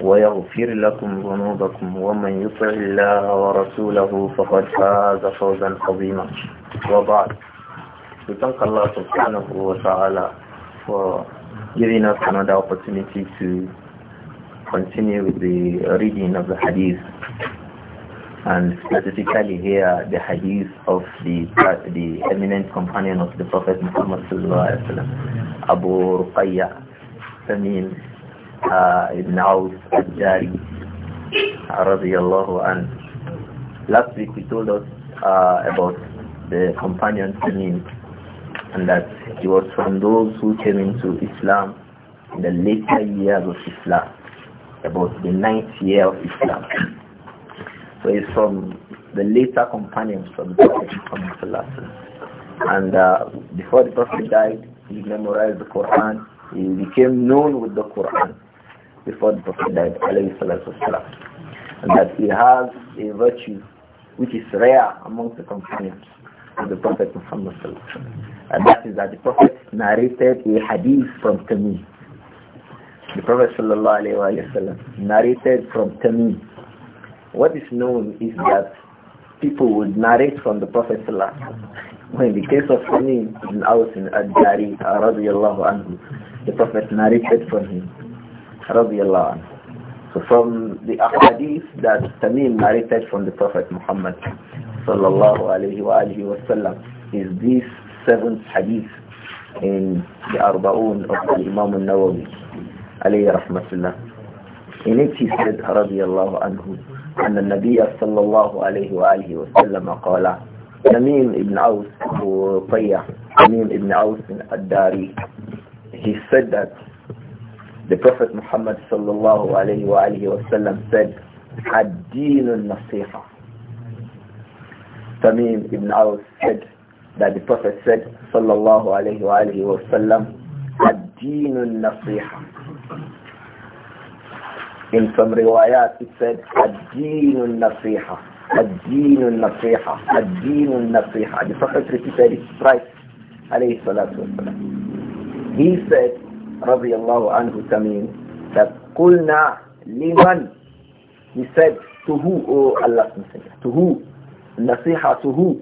ويغفر لكم ذنوبكم ومن يطع الله ورسوله فقد فاز فوزا عظيما وبعد We thank Allah وتعالى for giving us another opportunity to continue with the reading of the hadith and specifically here the hadith of the the eminent companion of the Prophet Muhammad Abu Ruqayya Tamim uh, Ibn Aus al-Jari radiallahu anhu. Last week he told us uh, about the companion Tamim and that he was from those who came into Islam in the later years of Islam, about the ninth year of Islam. So he's from the later companions from the Prophet Muhammad And uh, before the Prophet died, he memorized the Quran. He became known with the Quran before the Prophet died, and that he has a virtue which is rare amongst the companions of the Prophet Muhammad and that is that the Prophet narrated a hadith from Tamim. The Prophet narrated from Tamim. What is known is that people would narrate from the Prophet when the case of Tamim ibn Aus in Ad-Dari anhu, the Prophet narrated from him. radiallahu anhu. So from the hadith that Tamim narrated from the Prophet Muhammad sallallahu alayhi wa alihi sallam is this seventh hadith in the Arba'un of the Imam al-Nawawi alayhi rahmatullah. In it he said radiallahu anhu أن النبي صلى الله عليه وآله وسلم قال تميم ابن عوس وطيع تميم ابن عوس dari he said that The Prophet Muhammad sallallahu alayhi wa alayhi wa sallam said, Ad-deenun nasiha. Tamim ibn Aus said that the Prophet said, sallallahu alayhi wa alayhi wa sallam, Ad-deenun nasiha. In some riwayat it said, Ad-deenun nasiha. Ad-deenun nasiha. Ad-deenun nasiha. The Prophet repeated it thrice, alayhi salatu wa sallam. He said, رضي الله عنه تمين قلنا لمن he said to who oh Allah's to who نصيحة to who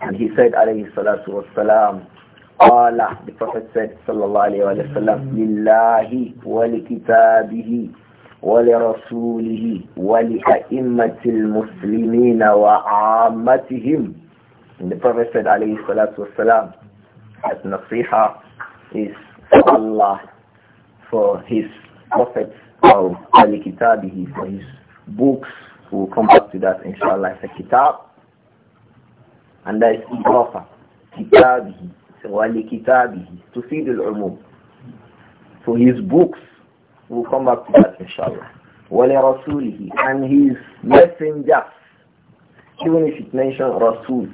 and he said عليه الصلاة والسلام قال the prophet said صلى الله عليه وسلم لله ولكتابه ولرسوله ولأئمة المسلمين وعامتهم and the prophet said عليه الصلاة والسلام النصيحة is Allah for his prophets of Al-Kitabihi, for his books. We'll come back to that inshallah. It's a kitab. And that is Iqafa. Kitabihi. وَلِكِتَابِهِ To feed the umum For his books, we'll come back to that inshallah. وَلِرَسُولِهِ And his messengers. Even if it mentions Rasul.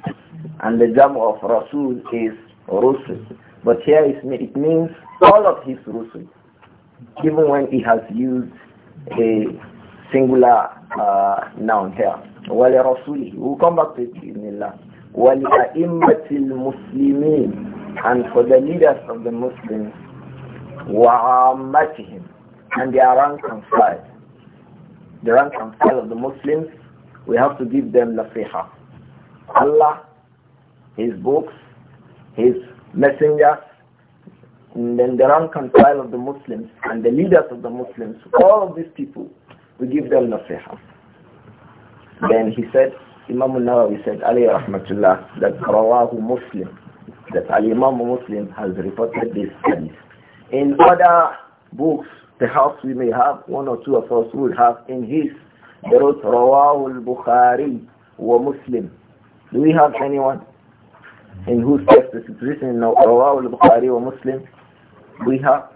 And the jam of Rasul is rusul. But here it means all of his rusul, even when he has used a singular uh, noun here. Rusul, we We'll come back to it in Allah. وَلِأَئِمَّةِ Muslimin, And for the leaders of the Muslims, وَعَامَّتِهِمْ And are rank and file. The rank and file of the Muslims, we have to give them nasiha. Allah, His books, his messenger, and then the rank and file of the Muslims and the leaders of the Muslims, all of these people, we give them nasiha. Then he said, Imam al-Nawawi said, Ali rahmatullah, that Rawahu Muslim, that Al-Imam Muslim has reported this hadith. In other books, perhaps we may have one or two of us will have in his, they wrote Rawahu al-Bukhari wa Muslim. Do we have anyone? in whose text the written in Rawah al-Bukhari or Muslim, we have.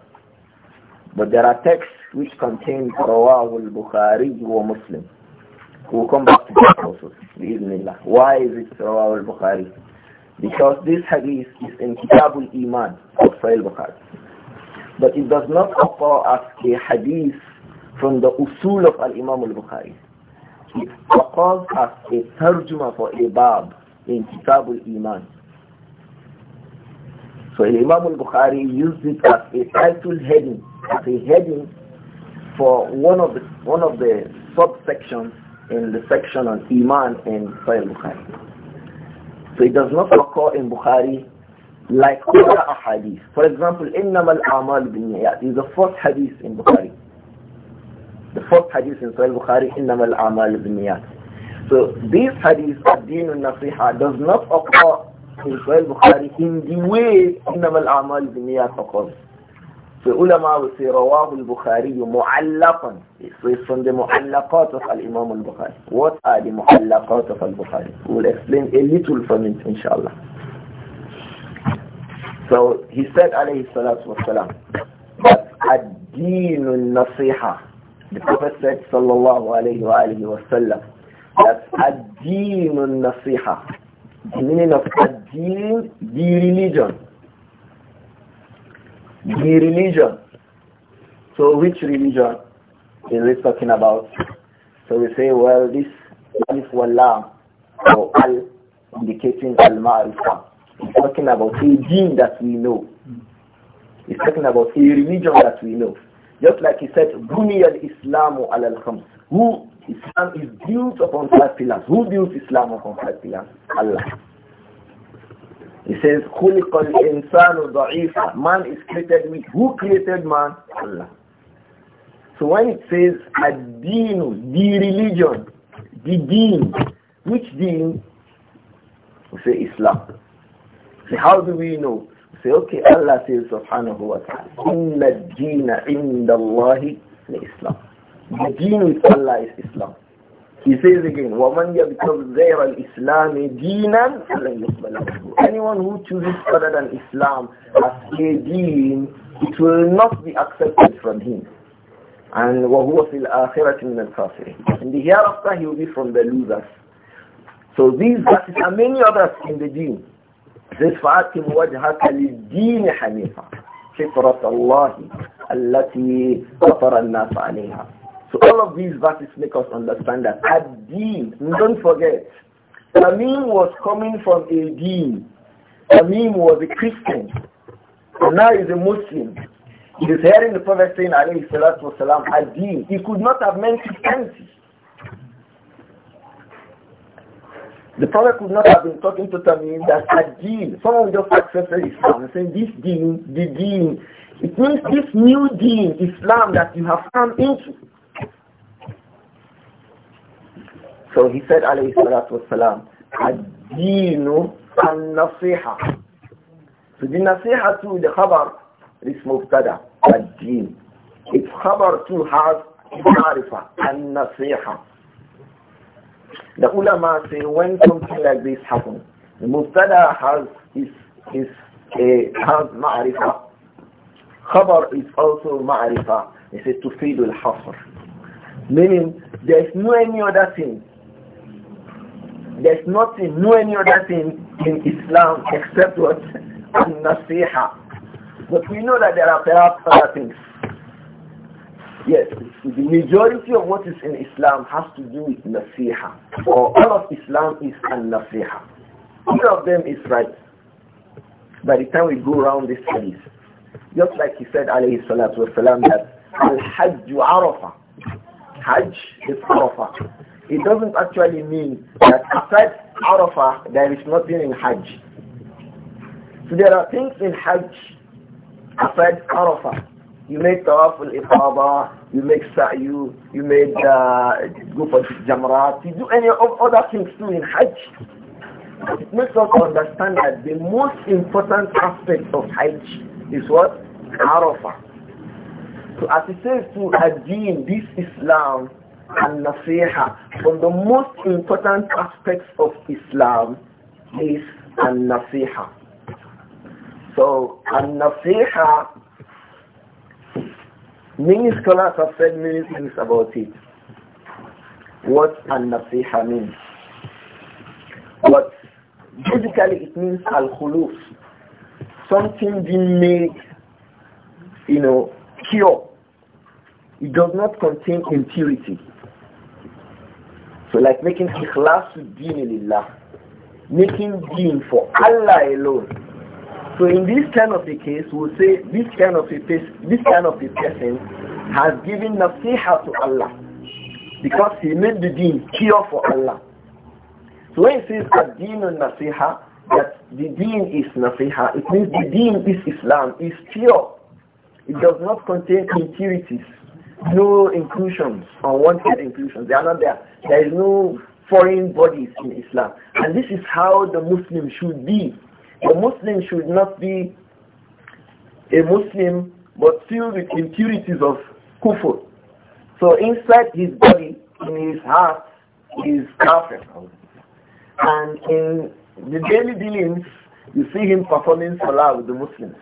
But there are texts which contain Rawah al-Bukhari or Muslim. We'll come back to that also, bi'idhnillah. Why is it Rawah al-Bukhari? Because this hadith is in Kitabul iman of Sahih bukhari But it does not occur as a hadith from the usul of al-Imam al-Bukhari. It occurs as a tarjuma for a bab in Kitab al-Iman. So Imam al-Bukhari used it as a title heading, as a heading for one of the one of the subsections in the section on Iman in Sahih Bukhari. So it does not occur in Bukhari like other hadith. For example, إِنَّمَا الْأَعْمَالُ بِالنِّيَّاتِ is the first hadith in Bukhari. The first hadith in Sahih Bukhari, إِنَّمَا الْأَعْمَالُ بِالنِّيَّاتِ So this hadith, Ad-Din does not occur في البخاري هندي وي انما الاعمال بالنيات فقط في علماء في رواه البخاري معلقا في صند معلقات الامام البخاري وات ادي معلقات البخاري ويل اكسبلين ا ليتل فرمنت ان شاء الله So he said عليه الصلاة والسلام الدين النصيحة The Prophet said صلى الله عليه وآله وسلم That's الدين النصيحة the meaning of Adin, the religion. The religion. So which religion is he talking about? So we say, well, this alif wallah or al indicating al-ma'rifah. It's talking about a deen that we know. It's talking about a religion that we know. Just like he said, Buni al-Islamu al-Khams. Who Islam is built upon five pillars. Who built Islam upon five pillars? Allah. He says, خُلِقَ الْإِنسَانُ ضَعِيفًا Man is created with, who created man? Allah. So when it says, الدين, the religion, the deen, which deen? We say Islam. So how do we know? We say, okay, Allah says, subhanahu wa ta'ala, إِنَّ الدِّينَ عِنْدَ اللَّهِ Islam. The deen with Allah is Islam. He says again, وَمَنْ يَبْتَغْ غَيْرَ الْإِسْلَامِ دِينًا فَلَنْ يُقْبَلَ Anyone who chooses other than Islam as a deen, it will not be accepted from him. And وَهُوَ فِي الْآخِرَةِ مِنَ الْكَافِرِينَ In the hereafter, he will be from the losers. So these are and many others in the deen. This فَأَتِمْ وَجْهَكَ لِلدِّينِ حَنِيفًا فِطْرَةَ اللَّهِ الَّتِي فَطَرَ النَّاسَ عَلَيْهَا so all of these verses make us understand that Adim. don't forget, Tamim was coming from a deen. Tamim was a Christian. And now he's a Muslim. He is hearing the Prophet saying, alayhi salatu wasalam, ad He could not have meant Christianity. The Prophet could not have been talking to Tamim that Adim. Someone just accepted Islam and saying, this deen, the deen. It means this new deen, Islam that you have come into. So he said, alayhi salatu wasalam, al النصيحة. So the nasiha to the khabar is mubtada, الدين. Its khabar to has marifa, النصيحة. The ulama say when something like this happens, the mubtada has his, his uh, has ma'rifa. Khabar is also ma'rifa. It says to feed al hasr. Meaning there is no any other thing There's nothing, no any other thing in Islam except what? Nasiha. But we know that there are perhaps other things. Yes, the majority of what is in Islam has to do with Nasiha. Or all of Islam is an Nasiha. Each of them is right. By the time we go around this place, just like he said, alayhi salatu wasalam, that Al-Hajj Arafah. Hajj is Arafah it doesn't actually mean that aside Arafah, there is nothing in Hajj. So there are things in Hajj aside Arafah. You make Tawaf al ifadah, you make Sa'yu, you make uh, go for Jamrat, you do any of other things too in Hajj. It makes us understand that the most important aspect of Hajj is what? Arafah. So as it says to Adin, this Islam and nasiha. From the most important aspects of Islam is an nasiha. So an nasiha, many scholars have said many things about it. What an nasiha means. But basically it means al-khulus. Something being made, you know, pure. It does not contain impurity. So like making ikhlasu deen lillah, making deen for Allah alone. So in this kind of a case, we'll say this kind of a this kind of a person has given nasiha to Allah because he made the deen pure for Allah. So when he says ad-deen nasiha, that the deen is nasiha, it means the deen is Islam, is pure. It does not contain impurities no inclusions, unwanted inclusions. They are not there. There is no foreign bodies in Islam. And this is how the Muslim should be. The Muslim should not be a Muslim but filled with impurities of kufr. So inside his body, in his heart, is kafir. And in the daily dealings, you see him performing salah with the Muslims.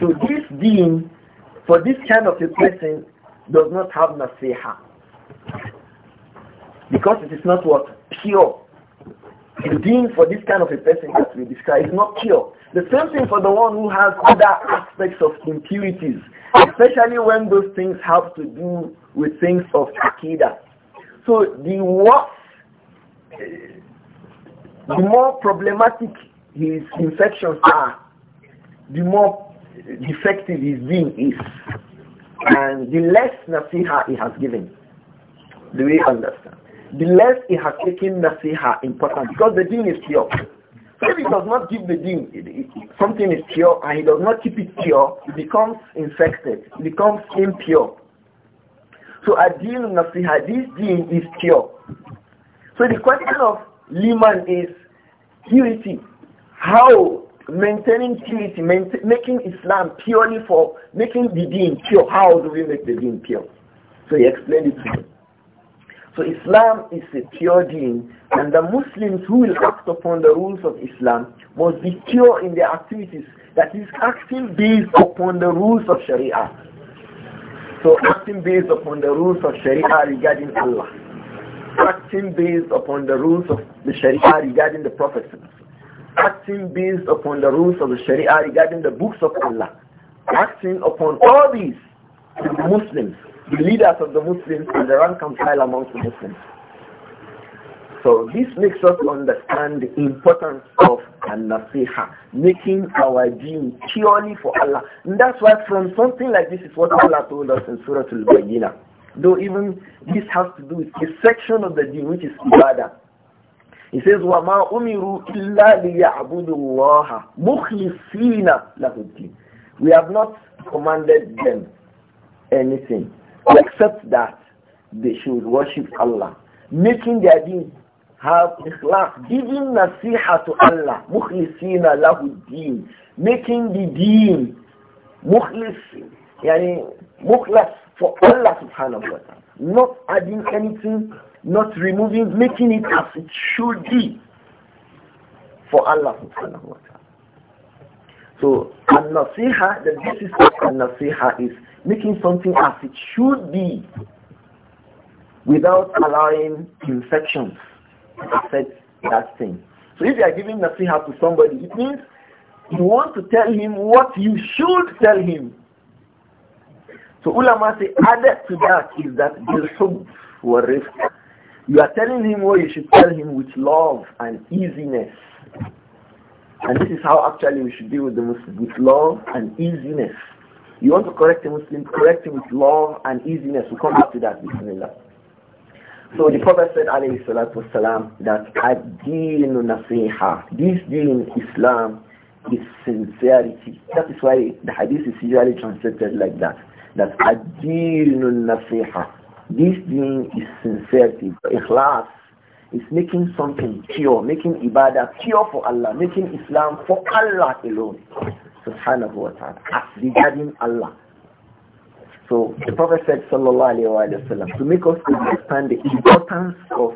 So this deen, for this kind of a person, does not have nasiha. Because it is not what? Pure. The deen for this kind of a person that we describe is not pure. The same thing for the one who has other aspects of impurities, especially when those things have to do with things of akida. So the worse, the more problematic his infections are, the more defective his deen is. And the less nasiha he has given, do we understand? The less he has taken nasiha important because the deen is pure. If he does not give the deen, something is pure and he does not keep it pure, it becomes infected, it becomes impure. So a deen nasiha, this deen is pure. So the question of liman is purity. How maintaining purity, making Islam purely for, making the deen pure. How do we make the deen pure? So he explained it to me. So Islam is a pure deen and the Muslims who will act upon the rules of Islam must be pure in their activities that is acting based upon the rules of Sharia. So acting based upon the rules of Sharia regarding Allah. Acting based upon the rules of the Sharia regarding the Prophets acting based upon the rules of the Sharia regarding the books of Allah, acting upon all these the Muslims, the leaders of the Muslims and the rank and file amongst the Muslims. So this makes us understand the importance of an-nasiha, making our deen purely for Allah. And that's why from something like this is what Allah told us in Surah Al-Bayyinah. Though even this has to do with a section of the deen which is ibadah. He says, وَمَا أُمِرُوا إِلَّا لِيَعْبُدُوا اللَّهَ مُخْلِصِينَ لَهُ الدِّينَ We have not commanded them anything except that they should worship Allah, making their deen have ikhlas, giving nasiha to Allah, mukhlisina lahu deen, making the deen mukhlis, yani mukhlas for Allah subhanahu wa ta'ala, not adding anything not removing, making it as it should be for Allah subhanahu wa ta'ala. So al-nasiha, the basis of al-nasiha is making something as it should be without allowing infections to affect that thing. So if you are giving nasiha to somebody, it means you want to tell him what you should tell him. So ulama say added to that is that bilhub wa rifq you are telling him what oh, you should tell him with love and easiness. And this is how actually we should deal with the Muslim, with love and easiness. You want to correct a Muslim, correct him with love and easiness. We'll come back to that, bismillah. So the Prophet said, alayhi salatu wasalam, that ad-deenu nasiha. This deen, Islam, is sincerity. That is why the hadith is usually translated like that. That ad-deenu nasiha. This deen is sincerity, ikhlas. is making something pure, making ibadah pure for Allah, making Islam for Allah alone. Subhanahu wa ta'ala. Regarding Allah. So the Prophet said, sallallahu alayhi wa sallam, to make us understand the importance of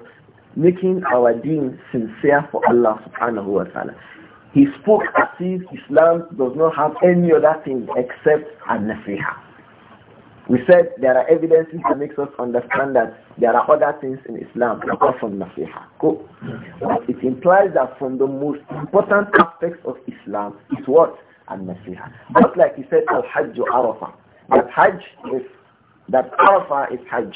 making our deen sincere for Allah subhanahu wa ta'ala. He spoke as if Islam does not have any other thing except an nasiha we said there are evidences that makes us understand that there are other things in Islam apart from nasiha. Cool. But it implies that from the most important aspects of Islam is what? Al-nasiha. Just like he said, Al-Hajj Arafah. That Hajj is, that Arafah is Hajj.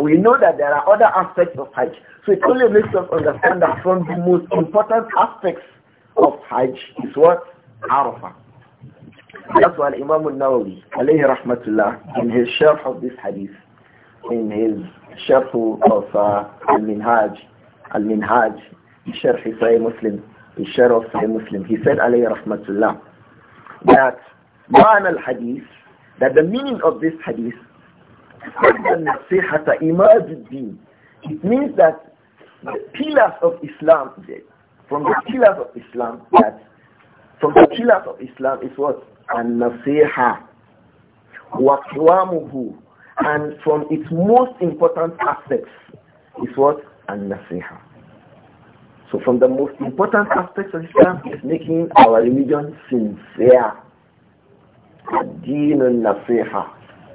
we know that there are other aspects of Hajj. So it only makes us understand that from the most important aspects of Hajj is what? Arafah. That's why Imam al-Nawawi, alayhi rahmatullah, in his sharh of this hadith, in his sharh of uh, al-Minhaj, al-Minhaj, sharh Sahih Muslim, the sharh of Sahih Muslim, he said alayhi rahmatullah, that ma'an al-hadith, that the meaning of this hadith, it means that the pillars of Islam, from the pillars of Islam, that from the pillars of Islam is what? and nasiha wa qiwamuhu and from its most important aspects is what and nasiha so from the most important aspects of Islam is making our religion sincere Deen al-Nasiha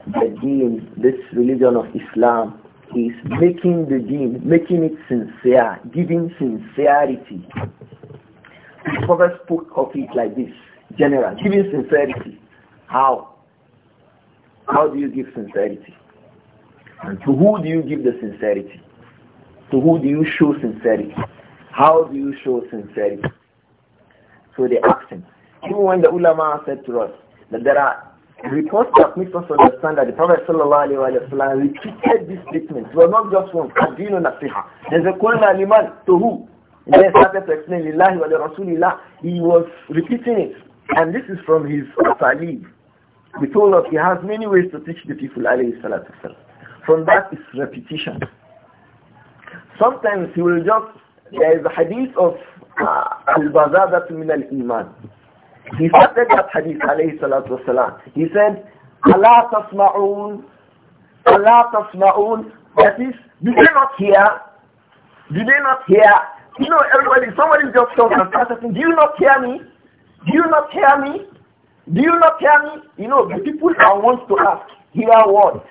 the deen this religion of Islam is making the deen making it sincere giving sincerity the prophet spoke of it like this general, giving sincerity. How? How do you give sincerity? And to who do you give the sincerity? To who do you show sincerity? How do you show sincerity? So they asked him. Even when the ulama said to us that there are reports that makes us understand that the Prophet ﷺ repeated this statement. Well, not just one. Adino nasiha. There's a Quran aliman to who? And then started to explain He was repeating it. And this is from his Talib. We told us he has many ways to teach the people, alayhi salatu From that is repetition. Sometimes he will just, there is a hadith of uh, al-bazadatu min al-iman. He started that hadith, alayhi salatu wasalam. He said, Allah tasma'un, Allah tasma'un, that is, do they not hear? Do they not hear? You know, everybody, somebody just comes and starts do you not hear me? Do you not hear me? Do you not hear me? You know, the people I want to ask hear what?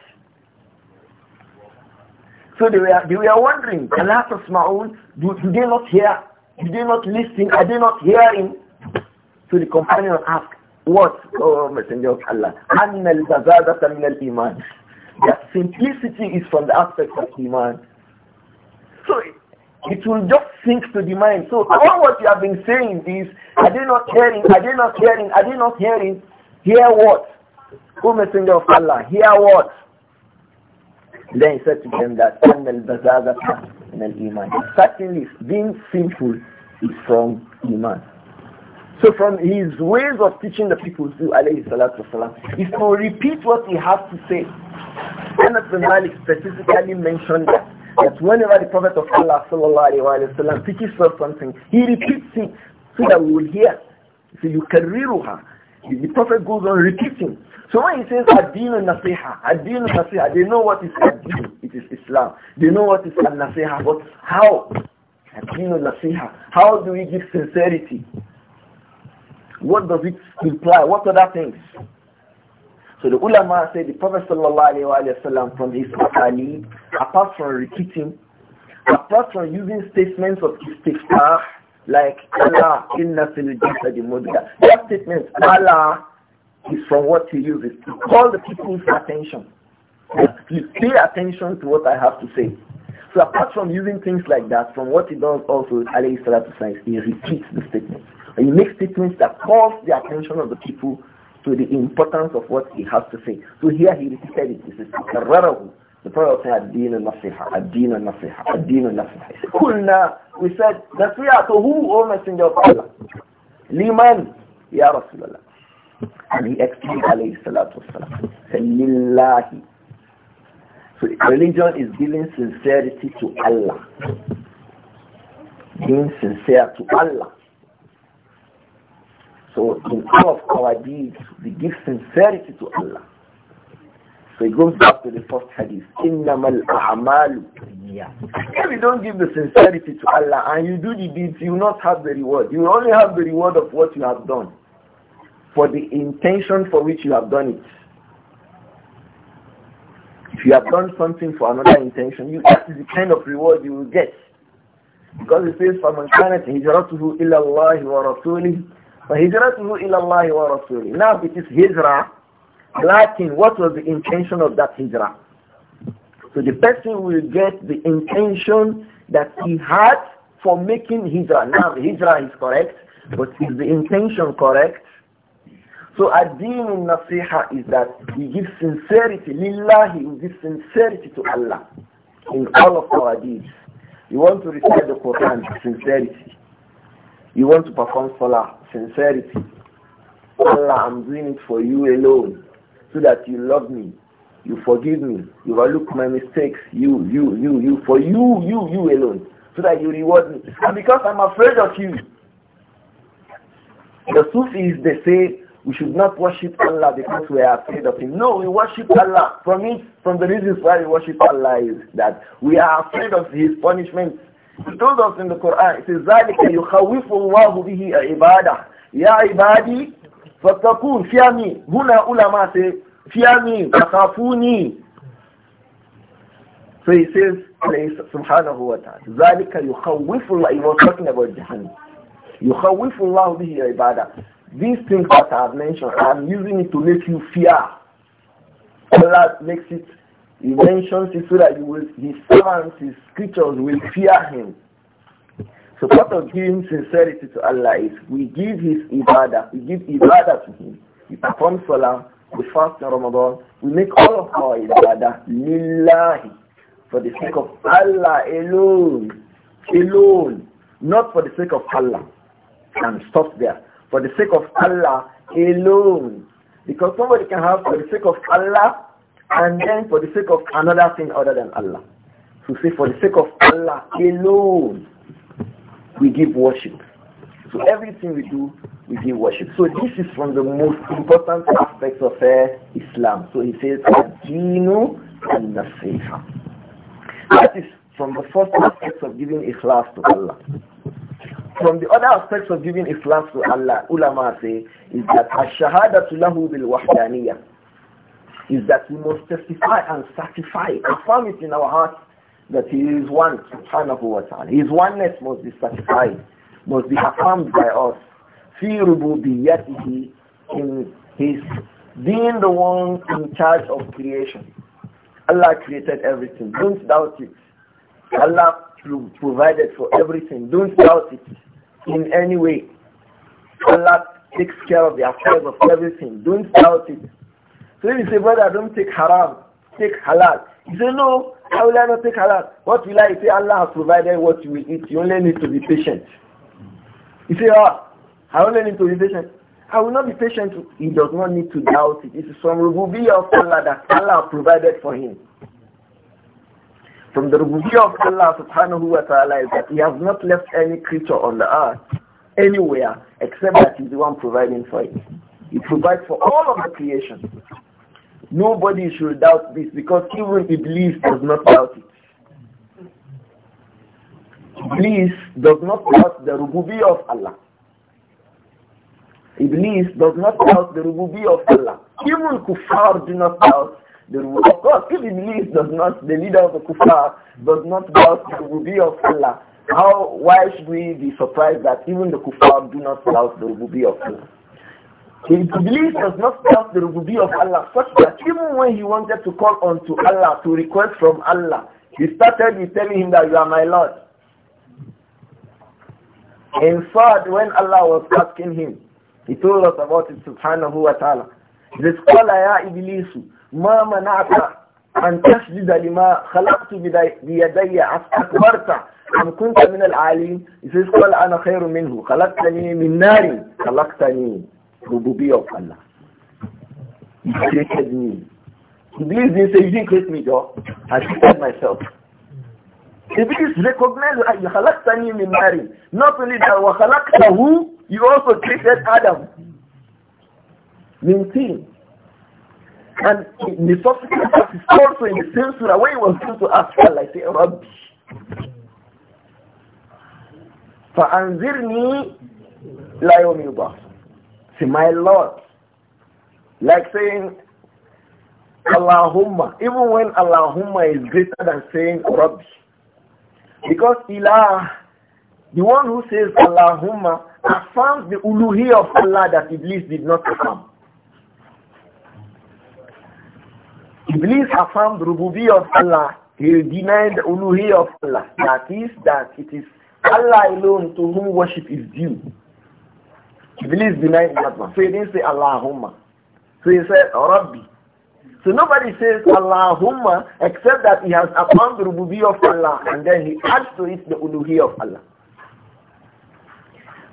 So they were, they were wondering, Allah Tasma'un, do, do they not hear? Do they not listen? Are they not hearing? So the companion asked, what, oh Messenger of Allah? أَنَّ That simplicity is from the aspect of Iman. So it will just sink to the mind. So all what you have been saying is, are they not hearing? Are they not hearing? Are they not hearing? Hear what? O Messenger of Allah, hear what? then he said to them that Certainly, being sinful is from iman. So from his ways of teaching the people to alayhi salatu wasalam is to repeat what he has to say. Anas bin Malik specifically mentioned that that whenever the Prophet of Allah Wasallam teaches us something, he repeats it so that we will hear. So you can it. The Prophet goes on repeating. So when he says Adin ad Nasiha, Adin Nasiha, they know what is Adin. it is Islam. They know what is Al Nasiha. But how? Adin ad Nasiha. How do we give sincerity? What does it imply? What other things? So the ulama said the Prophet wasallam from his akali, apart from repeating, apart from using statements of istighfar, like Allah inna fil jasadi mudga. That statement Allah is from what he uses to call the people's attention. You pay attention to what I have to say. So apart from using things like that, from what he does also alayhi he repeats the statement. he makes statements that calls the attention of the people to the importance of what he has to say. So here he repeated it. He says, كرره. The Prophet said, الدين النصيحة, الدين النصيحة, الدين النصيحة. قلنا, we said, نصيحة to whom, O Messenger of Allah? Liman ya Rasulullah, And he explained, عليه الصلاة والسلام, said, لله. So religion is giving sincerity to Allah. Being sincere to Allah. So in all of our deeds, we give sincerity to Allah. So it goes back to the first hadith. If you don't give the sincerity to Allah and you do the deeds, you will not have the reward. You will only have the reward of what you have done for the intention for which you have done it. If you have done something for another intention, you, that is the kind of reward you will get. Because it says, فَمَنْ كَانَتْ هِجْرَتُهُ إِلَى اللَّهِ وَرَسُولِهِ فَهِجْرَتُهُ إِلَى اللَّهِ وَرَسُولِهِ Now it is hijrah, lacking what was the intention of that hijrah. So the person will get the intention that he had for making hijrah. Now the hijrah is correct, but is the intention correct? So ad-deen nasiha is that we give sincerity, lillahi, we give sincerity to Allah in all of our deeds. You want to recite the Quran, sincerity. You want to perform salah, sincerity. Allah, I'm doing it for you alone, so that you love me, you forgive me, you overlook my mistakes, you, you, you, you, for you, you, you alone, so that you reward me. And because I'm afraid of you. The is, they say, we should not worship Allah because we are afraid of Him. No, we worship Allah. For me, from the reasons why we worship Allah is that we are afraid of His punishment he told us in the Quran, it says, ذَلِكَ يُخَوِّفُ اللَّهُ بِهِ عِبَادَهُ ya ibadi, فَاتَّقُونَ Fear me. Huna ulama say, fear me, So he says, subhanahu wa ta'ala, ذَلِكَ يُخَوِّفُ اللَّهُ He was talking about Jahannam. يُخَوِّفُ اللَّهُ بِهِ عِبَادَهُ These things that I have mentioned, I am using it to make you fear. Allah makes it he mentions it so that will, his servants, his creatures will fear him. So part of giving sincerity to Allah is we give his ibadah, we give ibadah to him. We perform salah, we fast in Ramadan, we make all of our ibadah lillahi, for the sake of Allah alone, alone, not for the sake of Allah. And stop there. For the sake of Allah alone. Because somebody can have for the sake of Allah and then for the sake of another thing other than Allah. So say for the sake of Allah alone, we give worship. So everything we do, we give worship. So this is from the most important aspects of uh, Islam. So he says, Adinu and Nasiha. That is from the first aspects of giving Ikhlas to Allah. From the other aspects of giving Ikhlas to Allah, ulama say, is that ash-shahadatu lahu bil-wahdaniyah is that we must testify and certify, affirm it in our hearts that He is one, of our ta'ala. His oneness must be certified, must be affirmed by us. Fi rububiyyatihi in His being the one in charge of creation. Allah created everything. Don't doubt it. Allah provided for everything. Don't doubt it in any way. Allah takes care of the affairs of everything. Don't doubt it. So you say, brother, don't take haram, take halal. He said, no, how will I not take halal? What will I? You say, Allah has provided what you will eat. You only need to be patient. You said, ah, I only need to be patient. I will not be patient. He does not need to doubt it. It is from Rububiyah of Allah that Allah provided for him. From the Rububiyah of Allah subhanahu wa ta'ala is that he has not left any creature on the earth anywhere except that he's the one providing for it. He provides for all of the creation. Nobody should doubt this because even Iblis does not doubt it. Iblis does not doubt the rububi of Allah. Iblis does not doubt the rububi of Allah. Even kuffar do not doubt the rububi. Of course, if Iblis does not, the leader of the kuffar does not doubt the rububi of Allah, how, why should we be surprised that even the kuffar do not doubt the rububi of Allah? Iblis does not stop the rububi of Allah such that even when he wanted to call on to Allah to request from Allah, he started with telling him that you are my Lord. In fact, when Allah was asking him, he told us about it, subhanahu wa ta'ala. He says, قَالَ يَا إِبْلِيسُ مَا مَنَعْتَ أَن تَسْجُدَ لِمَا خَلَقْتُ بِيَدَيَّ am kunta min al alim. He says, قَالَ أَنَا خَيْرٌ مِنْهُ خَلَقْتَنِي مِنْ نَارٍ خَلَقْتَنِي Rububi of Allah. He created me. He didn't say, you didn't create me, though. I created myself. Iblis recognized that you khalaqtani min marry. Not only that, wa who you also created Adam. Min And in the subsequent is also in the same surah, when he was going to ask Allah, he said, Rabbi. فَأَنْزِرْنِي لَا يَوْمِ يُبَعْث to my Lord. Like saying, Allahumma, even when Allahumma is greater than saying Rabbi. Because Ilah, the one who says Allahumma, affirms the uluhi of Allah that Iblis did not affirm. Iblis affirmed rububi of Allah. He denied uluhi of Allah. That is that it is Allah alone to whom worship is due. Iblis denied that one. So he didn't say Allahumma. So he said Rabbi. So nobody says Allahumma except that he has affirmed the rububiyyah of Allah and then he adds to it the uluhiyyah of Allah.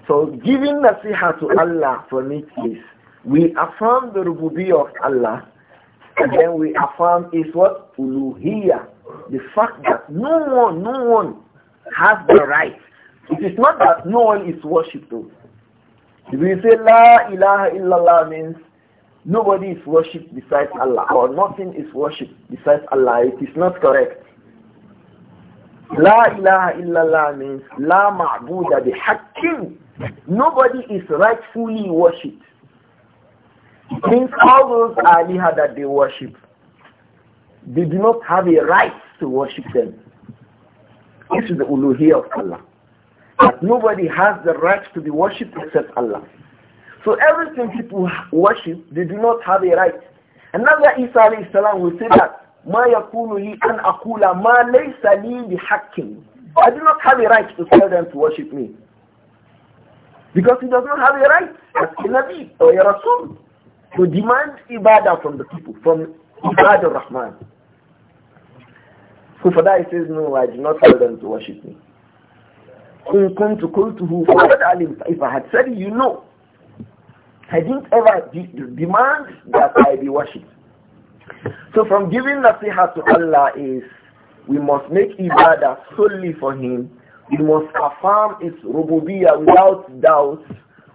So giving nasiha to Allah me it is we affirm the rububiyyah of Allah and then we affirm is what? Uluhiyyah. The fact that no one, no one has the right. It is not that no one is worshipped though. If we say La ilaha illallah means nobody is worshipped besides Allah or nothing is worshipped besides Allah, it is not correct. La ilaha illallah means La ma'buda bihaqqin. Nobody is rightfully worshipped. means all those aliha that they worship, they do not have a right to worship them. This is the uluhiyah of Allah that nobody has the right to be worshipped except Allah. So everything people worship, they do not have a right. Another Isa alayhi salam will say that, مَا يَكُونُ لِي أَنْ أَقُولَ مَا لَيْسَ لِي بِحَقٍ I do not have a right to tell them to worship me. Because he does not have a right as a Nabi or a Rasul to demand ibadah from the people, from Ibad rahman So for that he says, no, I do not tell them to worship me come to call to علمت if I had said you know I didn't ever demand that I be worshipped so from giving nasiha to Allah is we must make ibadah solely for him we must affirm his rububiyah without doubt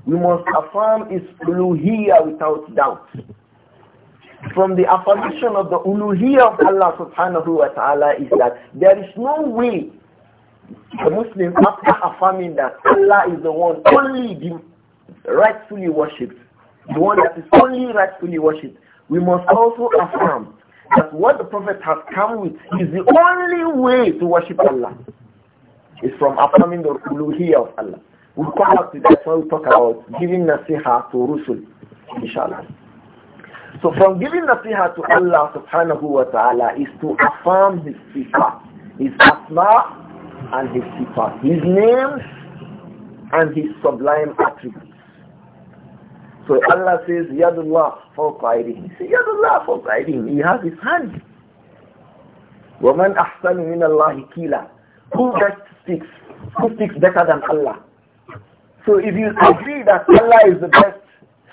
we must affirm his uluhiyah without doubt from the affirmation of the uluhiyah of Allah subhanahu wa ta'ala is that there is no way the Muslim, after affirming that Allah is the one only the rightfully worshipped, the one that is only rightfully worshipped, we must also affirm that what the Prophet has come with is the only way to worship Allah. It's from affirming the uluhiyah of Allah. We'll come back to that when we talk about giving nasiha to Rusul, inshallah. So from giving nasiha to Allah subhanahu wa ta'ala is to affirm his sifat, his asma and his sifat, his names and his sublime attributes. So Allah says, Yadullah fawqa aydihim. He says, Yadullah fawqa aydihim. He has his hand. وَمَنْ أَحْسَنُ مِنَ اللَّهِ كِيلًا Who best speaks? Who speaks better than Allah? So if you agree that Allah is the best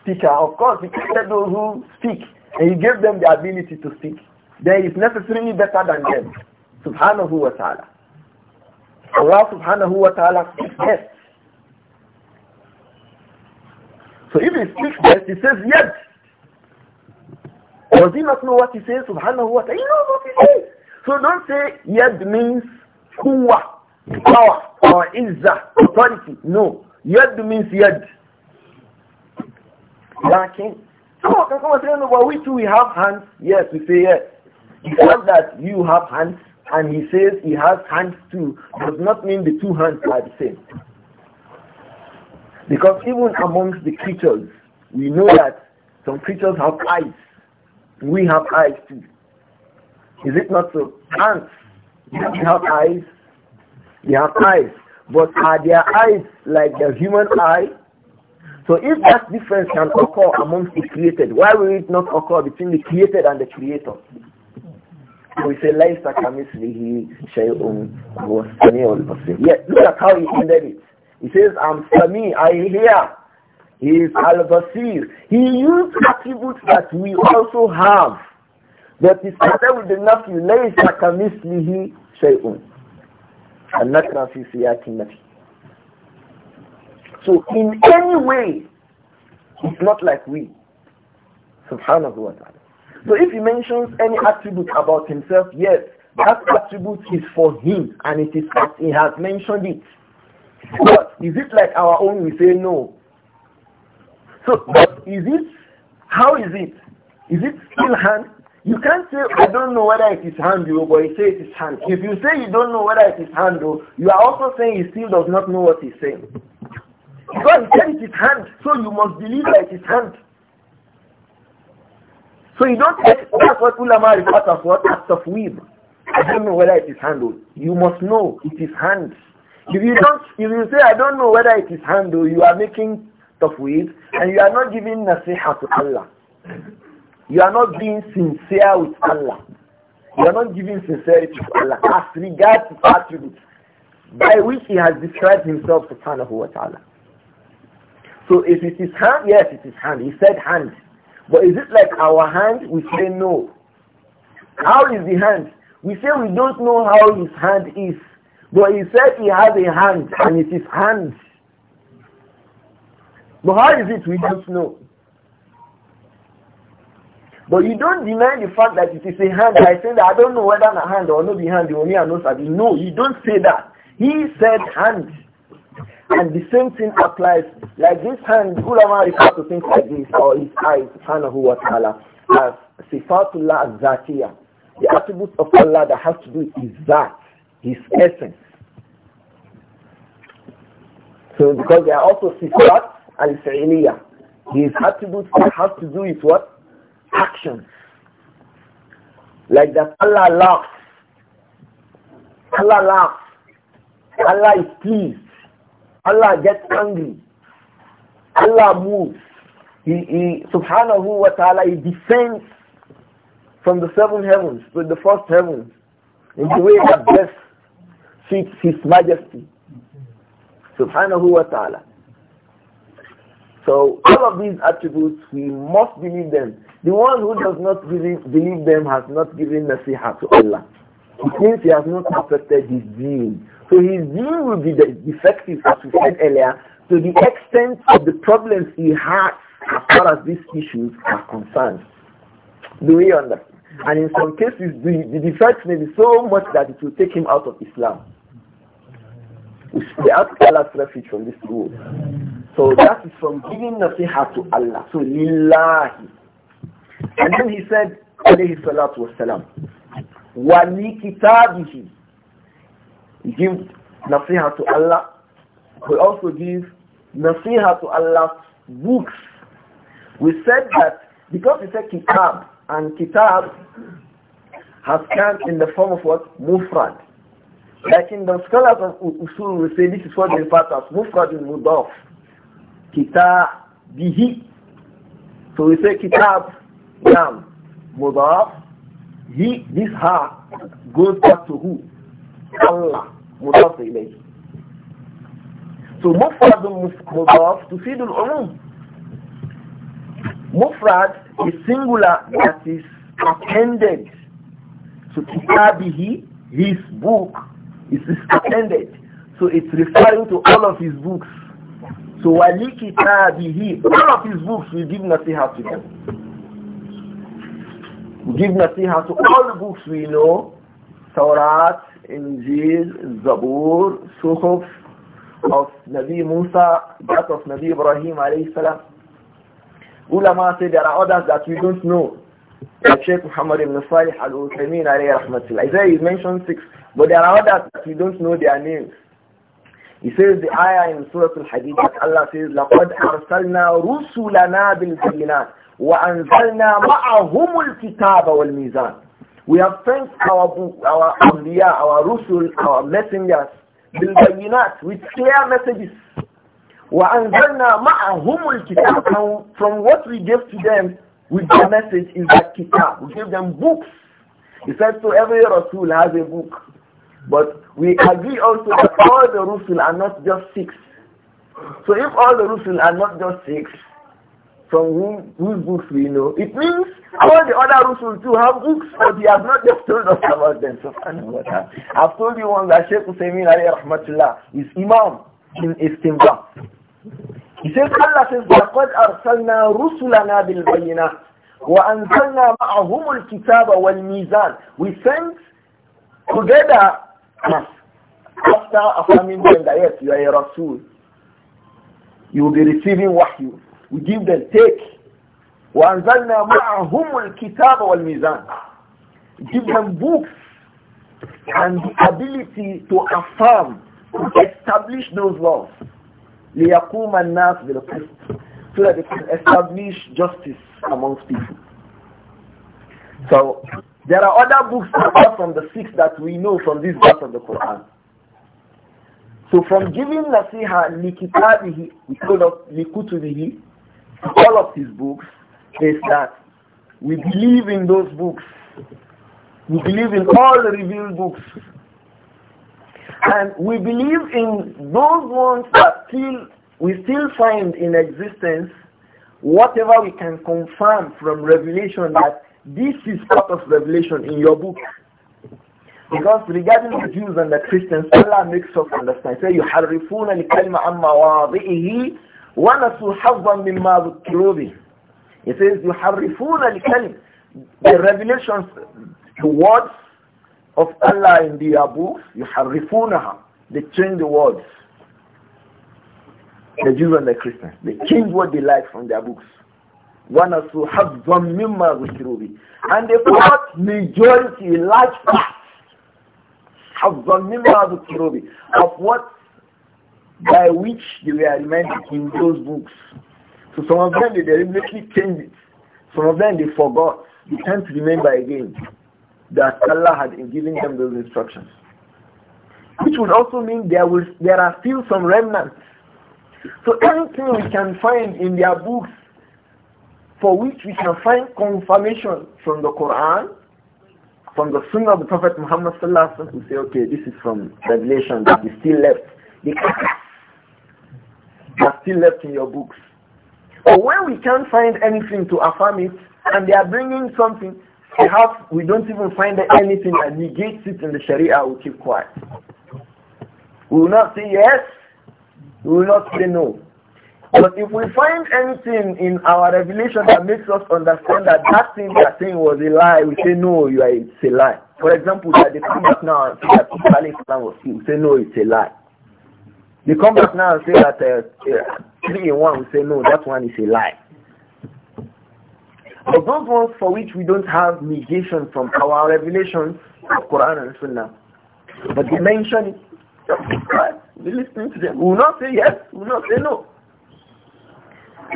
speaker, of course, He created those who speak, and He gave them the ability to speak. Then it's necessarily better than them. Subhanahu wa ta'ala. Allah subhanahu wa ta'ala speaks So if he speaks yes, he says yes. Does he not know what he says? Subhanahu wa ta'ala. He knows what he says. So don't say yad means kuwa, power, or izza, authority. No. Yad means yad. Lacking. Oh, can someone say, no, but we too, we have hands. Yes, we say yes. It's not that you have hands and he says he has hands too does not mean the two hands are the same. Because even amongst the creatures, we know that some creatures have eyes. We have eyes too. Is it not so? Ants, they have eyes. They have eyes. But are their eyes like the human eye? So if that difference can occur amongst the created, why will it not occur between the created and the creator? we say, لَيْسَ كَمِثْلِهِ شَيْءٌ وَهُوَ السَّمِيعُ Yet, look at how he ended it. He says, I'm Sami, I hear. He is Al-Basir. He used attributes that we also have. But he started with the nephew, لَيْسَ كَمِثْلِهِ And not فِي سِيَاكِ النَّفْسِ So in any way, it's not like we. Subhanahu wa ta'ala. So if he mentions any attribute about himself, yes, that attribute is for him and it is as he has mentioned it. But is it like our own? We say no. So but is it, how is it? Is it still hand? You can't say, I don't know whether it is hand, or but you say it is hand. If you say you don't know whether it is hand, though, you are also saying he still does not know what he's saying. he said it is hand, so you must believe that it is hand. So you don't, that's what ulama refers as what? As tafweed. I don't know whether it is handled. You must know it is hand. If you don't, if you say, I don't know whether it is handled, you are making tafweed and you are not giving nasiha to Allah. You are not being sincere with Allah. You are not giving sincerity to Allah as regards to attributes by which he has described himself subhanahu wa ta'ala. So if it is hand, yes, it is hand. He said hand. But is it like our hand? We say no. How is the hand? We say we don't know how his hand is. But he said he has a hand and it is hand. But how is it we don't know? But you don't deny the fact that it is a hand. I say that I don't know whether a hand or not the hand, the only I know. No, you don't say that. He said hand. And the same thing applies, like this hand, ulama refer to things like this, or his eyes, subhanahu wa ta'ala, as sifatullah zatiyah. The attributes of Allah that has to do is that, his essence. So because they are also sifat and fi'liyah. His attributes that has to do with what? Actions. Like that Allah laughs. Allah laughs. Allah is pleased. Allah gets angry. Allah moves. He, he subhanahu wa ta'ala, he descends from the seven heavens to the first heaven in the way that best suits his majesty. Subhanahu wa ta'ala. So all of these attributes, we must believe them. The one who does not believe, believe them has not given nasiha to Allah. It means he has not accepted his deen. So his dealing will be defective, as we said earlier, to the extent of the problems he had as far as these issues are concerned. Do we understand? And in some cases, the, the defect may be so much that it will take him out of Islam. We have Allah's refuge from this rule. So that is from giving nothing nasiha to Allah. So lillahi. And then he said, alayhi salatu wasalam, wa li kitabihi give nasiha to Allah. We also give nasiha to Allah's books. We said that because we said kitab and kitab has come in the form of what? Mufrad. Like in the scholars of Usul, we say this is what they refer to as Mufrad in Mudaf. Kitabihi. So we say kitab, yam, Mudaf, he, this ha, goes back to who? Allah. مضاف إليه so مفرد مضاف تفيد العموم مفرد is singular that is appended so كتابه his book is appended so it's referring to all of his books so كتابه all of his books we give nasiha to them we give nasiha to all the books we know Torah, انجيل الزبور صحف of نبي موسى that of Nabi Ibrahim alayhi salam. Ulama say there are others that we don't know. Like Sheikh Muhammad ibn Salih al-Uthaymeen alayhi rahmatullah. Isaiah is mentioned six, but there are others that we don't know their names. He says the ayah in Surah Al-Hadid that Allah says, لَقَدْ أَرْسَلْنَا رُسُلَنَا بِالْبَيِّنَاتِ وَأَنْزَلْنَا مَعَهُمُ الْكِتَابَ وَالْمِيزَانَ We have sent our our Ambiya, our Rusul, our messengers, بالبينات, with clear messages. وَأَنْزَلْنَا مَعَهُمُ الْكِتَابَ From what we gave to them with the message is that kitab. We gave them books. He said so every Rasul has a book. But we agree also that all the Rusul are not just six. So if all the Rusul are not just six, from whom whose books we know. It means all the other Rusul too have books, but he has not just told us about them. Subhanahu wa ta'ala. I've told you once that Sheikh Usaymin Ali rahmatullah is Imam in Istinba. He says, Allah says, لَقَدْ أَرْسَلْنَا رُسُلَنَا بِالْبَيِّنَاتِ وَأَنْزَلْنَا مَعَهُمُ الْكِتَابَ وَالْمِيزَانِ We sent together after affirming them that yes, you are a Rasul. You will be receiving wahyu. We give them take. وَأَنزَلْنَا مَعَهُمُ الْكِتَابَ وَالْمِيزَانَ Give them books and the ability to affirm, to establish those laws. لِيَقُومَ النَّاسِ بِالْقِسْطِ So that they can establish justice amongst people. So, there are other books apart from the six that we know from this verse of the Quran. So from giving nasiha likitabihi, we call it likutubihi, all of his books is that we believe in those books. We believe in all the revealed books. And we believe in those ones that still we still find in existence whatever we can confirm from revelation that this is part of revelation in your book. Because regarding the Jews and the Christians, Allah makes us understand. Say, يُحَرِّفُونَ الْكَلِمَ عَمَّ وَاضِئِهِ وَنَسُوا حَظًّا مِمَّا ذُكِّرُوا بِهِ He says, you يُحَرِّفُونَ الْكَلِمِ The revelations, the words of Allah in the Abu, يُحَرِّفُونَهَا They change the words. The Jews and the Christians, they change what they like from their books. وَنَسُوا حَظًّا مِمَّا ذُكِّرُوا بِهِ And the part, majority, large part, of مِمَّا ذُكِّرُوا Of what by which they were reminded in those books. So some of them they deliberately changed it. Some of them they forgot. They tend to remember again that Allah had given them those instructions. Which would also mean there, will, there are still some remnants. So anything we can find in their books for which we can find confirmation from the Quran, from the Sunnah of the Prophet Muhammad Sallallahu Alaihi Wasallam, we say, okay, this is from Revelation that is still left. They are still left in your books. Or when we can't find anything to affirm it, and they are bringing something, perhaps we don't even find anything that negates it in the Sharia, we keep quiet. We will not say yes, we will not say no. But if we find anything in our revelation that makes us understand that that thing they are saying was a lie, we say no, you are, it's a lie. For example, that they come back now and say that Islam was, we say no, it's a lie. They come back now and say that uh, uh three in one. We say no, that one is a lie. But those ones for which we don't have negation from our revelations of Quran and Sunnah, but they mention it. We to them. We will not say yes. We will not say no.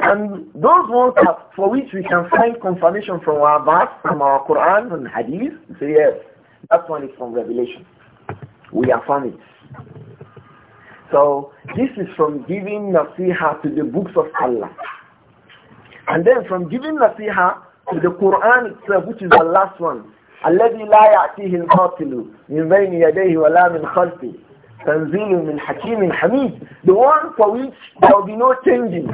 And those ones are for which we can find confirmation from our verse, from our Quran and Hadith, say yes, that one is from Revelation. We affirm it. So this is from giving nasiha to the books of Allah. And then from giving nasiha to the Quran itself, which is the last one. الذي لا يأتيه الباطل من بين يديه ولا من خلفه تنزيل من حكيم حميد the one for which there will be no changing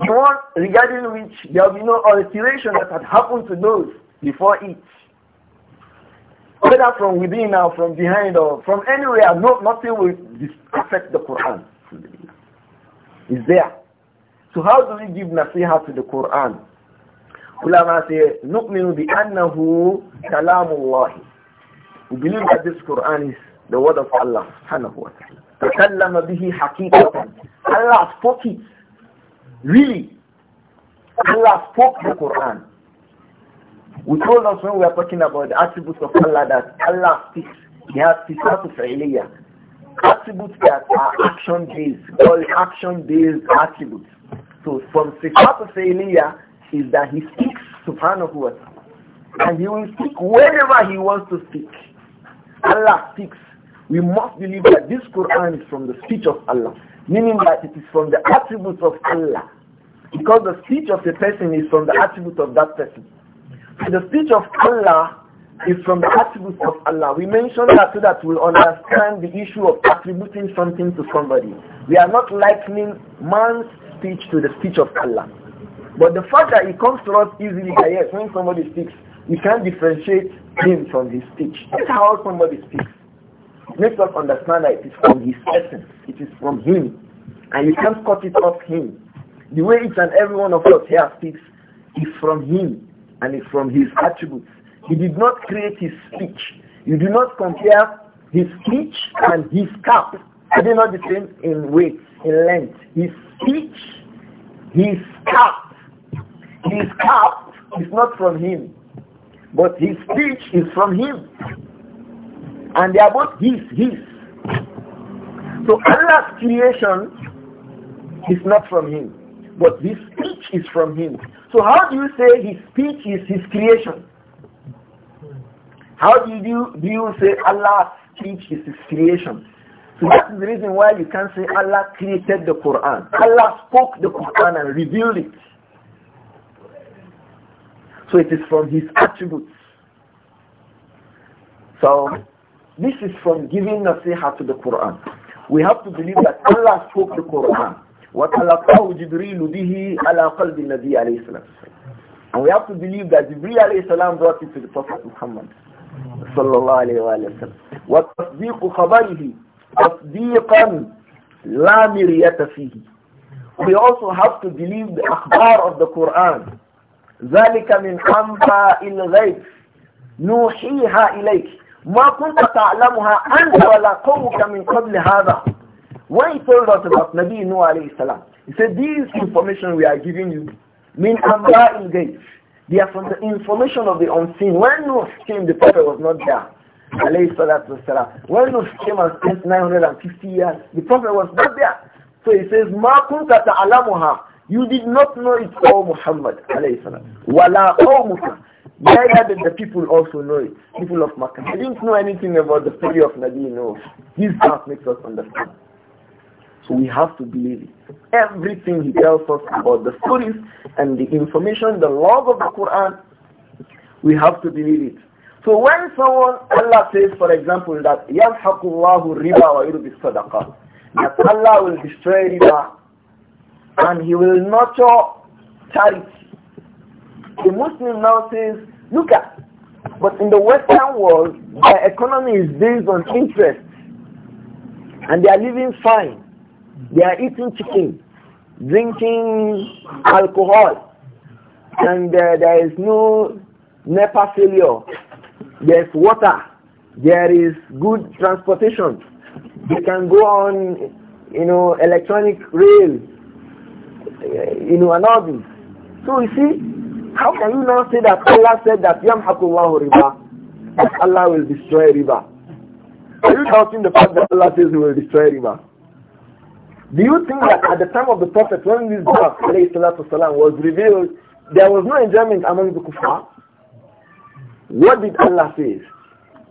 the one regarding which there will be no alteration that had happened to those before it whether from within or from behind or from anywhere, no, nothing will affect the Quran. It's there. So how do we give nasiha to the Quran? Ulama say, نُؤْمِنُ بِأَنَّهُ كَلَامُ اللَّهِ We believe that this Quran is the word of Allah subhanahu wa ta'ala. bihi بِهِ حَقِيقَةً Allah spoke it. Really. Allah spoke the Quran. We told us when we were talking about the attributes of Allah that Allah speaks. He has to of iliyah. Attributes that are action-based, all action-based attributes. So from sifat of is that he speaks subhanahu wa And he will speak whenever he wants to speak. Allah speaks. We must believe that this Quran is from the speech of Allah, meaning that it is from the attributes of Allah. Because the speech of a person is from the attribute of that person. The speech of Allah is from the attributes of Allah. We mentioned that so that we understand the issue of attributing something to somebody. We are not likening man's speech to the speech of Allah. But the fact that it comes to us easily, yes, when somebody speaks, we can differentiate him from his speech. That's how somebody speaks. It makes us understand that it is from his essence. It is from him. And you can't cut it off him. The way each and every one of us here speaks is from him and it's from his attributes. He did not create his speech. You do not compare his speech and his cap. Are not the same in weight, in length? His speech, his cap. His cap is not from him, but his speech is from him. And they are both his, his. So Allah's creation is not from him, but his speech is from him. So how do you say his speech is his creation? How do you do you say Allah's speech is his creation? So that is the reason why you can't say Allah created the Quran. Allah spoke the Quran and revealed it. So it is from his attributes. So this is from giving nasiha to the Quran. We have to believe that Allah spoke the Quran. وَتَلَقَّوْ جِبْرِيلُ بِهِ عَلَى قَلْبِ النَّبِيِّ عَلَيْهِ السَّلَامُ And we have to believe that Jibreel alayhi salam brought it to the Prophet Muhammad sallallahu alayhi wa sallam. وَتَصْدِيقُ خَبَرِهِ تَصْدِيقًا لَا مِرْيَةَ فِيهِ We also have to believe the akhbar of the Quran. ذَلِكَ مِنْ أَنْبَاءِ الْغَيْبِ نُوحِيهَا إِلَيْكِ ما كنت تعلمها أنت ولا قومك من قبل هذا When he told us about Nabi Nuh alayhi salam, he said, this information we are giving you, min amba engaged. They are from the information of the unseen. When Nuh came, the prophet was not there. Alayhi salatu When Nuh came and spent 950 years, the prophet was not there. So he says, ma kunta ta'alamuha. You did not know it, O Muhammad. Alayhi salam. Wala qawmuka. Neither did the people also know it. People of Makkah. They didn't know anything about the story of Nabi Nuh. This part makes us understand. So we have to believe it. Everything he tells us about the stories and the information, the law of the Quran, we have to believe it. So when someone, Allah says, for example, that يَلْحَقُ اللَّهُ riba wa يُرْبِ الصَّدَقَةِ that Allah will destroy riba and he will nurture charity. The Muslim now says, look at, but in the Western world, their economy is based on interest and they are living fine. They are eating chicken, drinking alcohol, and uh, there is no NEPA failure. There's water. There is good transportation. They can go on, you know, electronic rail, uh, you know, and all this. So you see, how can you now say that Allah said that Yamhakullahu riba, that Allah will destroy riba? Are you doubting the fact that Allah says he will destroy riba? Do you think that at the time of the Prophet, when this book was revealed, there was no enjoyment among the kuffar? What did Allah say?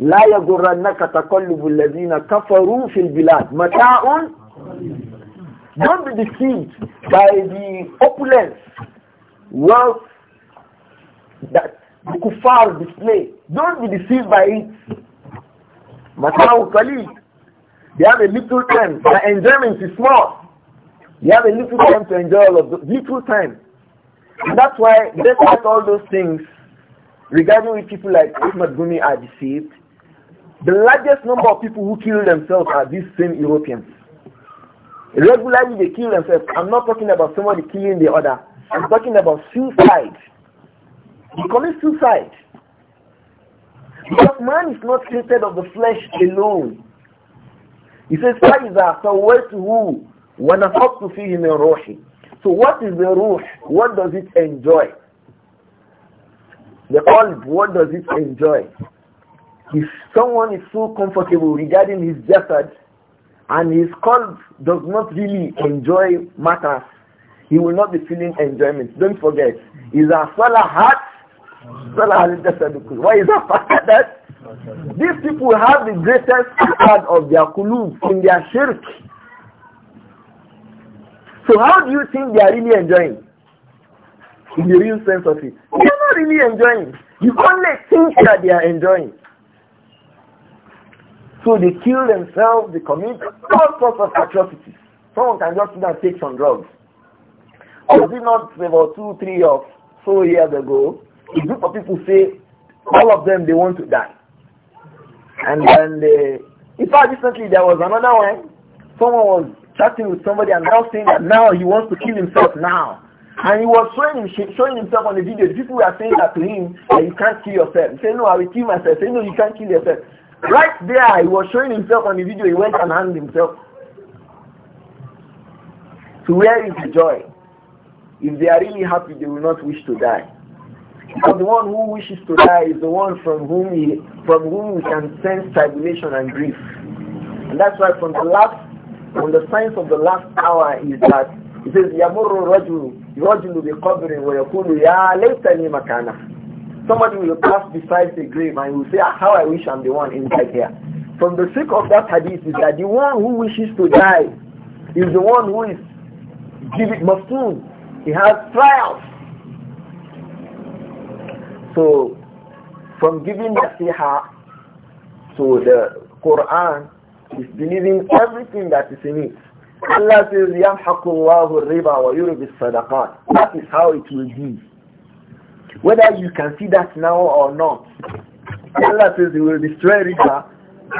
لا يغرنك تقلب الذين كفروا في البلاد متاع Don't be deceived by the opulence, wealth that the kuffar display. Don't be deceived by it. متاع قليل they have a little time. Their enjoyment is small. They have a little time to enjoy all of Little time. And that's why, despite all those things, regarding which people like Ahmad Gumi are deceived, the largest number of people who kill themselves are these same Europeans. Regularly they kill themselves. I'm not talking about somebody killing the other. I'm talking about suicide. They commit suicide. Because man is not created of the flesh alone. He says, فَإِذَا to وَنَفَقْتُ in مِنْ رُوحِي So what is the ruh? What does it enjoy? The qalb, what does it enjoy? If someone is so comfortable regarding his jasad and his qalb does not really enjoy matters, he will not be feeling enjoyment. Don't forget, is a salahat Salah al Why is that that? These people have the greatest part of their kulub in their shirk. So how do you think they are really enjoying? In the real sense of it. They are not really enjoying. You only think that they are enjoying. So they kill themselves, they commit all sorts of atrocities. Someone can just sit and take some drugs. Was it not about two, three or four years ago a group of people say all of them they want to die. And then they, in fact recently there was another one, someone was chatting with somebody and now saying that now he wants to kill himself now. And he was showing, him, showing himself on the video. The people were saying that to him, that you can't kill yourself. He said, no, I will kill myself. He said, no, you can't kill yourself. Right there, he was showing himself on the video. He went and hanged himself. So where is the joy? If they are really happy, they will not wish to die. For the one who wishes to die is the one from whom we, from whom we can sense tribulation and grief. And that's why from the last, from the signs of the last hour is that it says, يَمُرُّ الرَّجُلُ يَرَجُلُ بِقَبْرٍ وَيَقُولُ يَا لَيْتَنِي Makana. Somebody will pass beside the grave and will say, ah, how I wish I'm the one inside here. From the sake of that hadith is that the one who wishes to die is the one who is given maftoon. He has trials. So, from giving nasiha to the Quran is believing everything that is in it. Allah says, يَمْحَقُ اللَّهُ الرِّبَى وَيُرْبِ الصَّدَقَاتِ That is how it will be. Whether you can see that now or not, Allah says He will destroy riba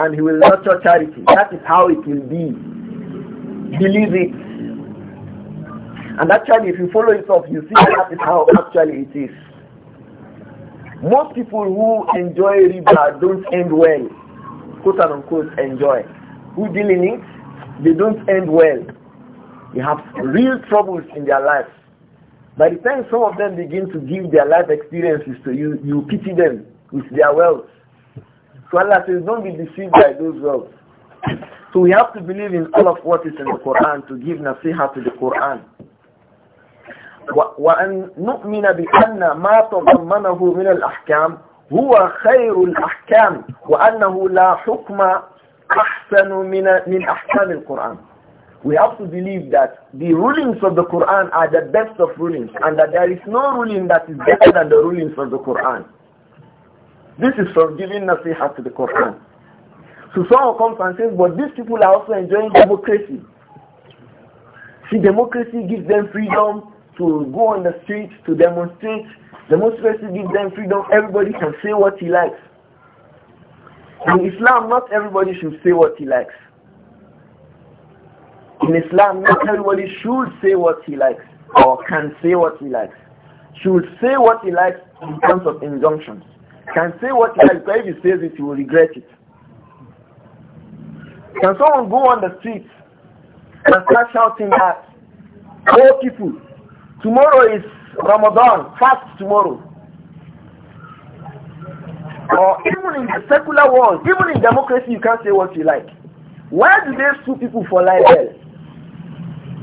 and He will nurture charity. That is how it will be. Believe it. And actually, if you follow it up, you see that is how actually it is. Most people who enjoy riba don't end well, quote unquote enjoy. Who deal in it, they don't end well. They have real troubles in their lives. By the time some of them begin to give their life experiences to you, you pity them with their wealth. So Allah says, don't be deceived by those wealth. So we have to believe in all of what is in the Quran to give nasiha to the Quran. وأن نؤمن بأن ما تضمنه من الأحكام هو خير الأحكام وأنه لا حكم أحسن من من أحكام القرآن. We have to believe that the rulings of the Quran are the best of rulings and that there is no ruling that is better than the rulings of the Quran. This is from giving nasiha to the Quran. So someone comes and says, but these people are also enjoying democracy. See, democracy gives them freedom to go on the streets to demonstrate. The Muslims to give them freedom. Everybody can say what he likes. In Islam, not everybody should say what he likes. In Islam, not everybody should say what he likes or can say what he likes. Should say what he likes in terms of injunctions. Can say what he likes, but if he says it, he will regret it. Can someone go on the streets and start shouting at Oh people, Tomorrow is Ramadan, fast tomorrow. Or even in the secular world, even in democracy, you can't say what you like. Why do they sue people for libel?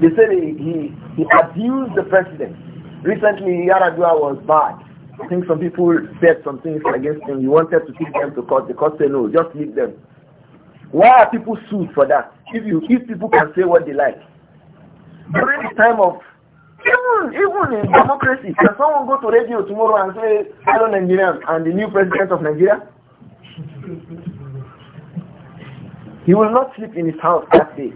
They say he, he, he abused the president. Recently, Yaradua was bad. I think some people said some things against him. You wanted to take them to court. The court said no, just leave them. Why are people sued for that? If you if people can say what they like. During the time of even, even in democracy, can someone go to radio tomorrow and say, hello Nigerians, and the new president of Nigeria? He will not sleep in his house that day.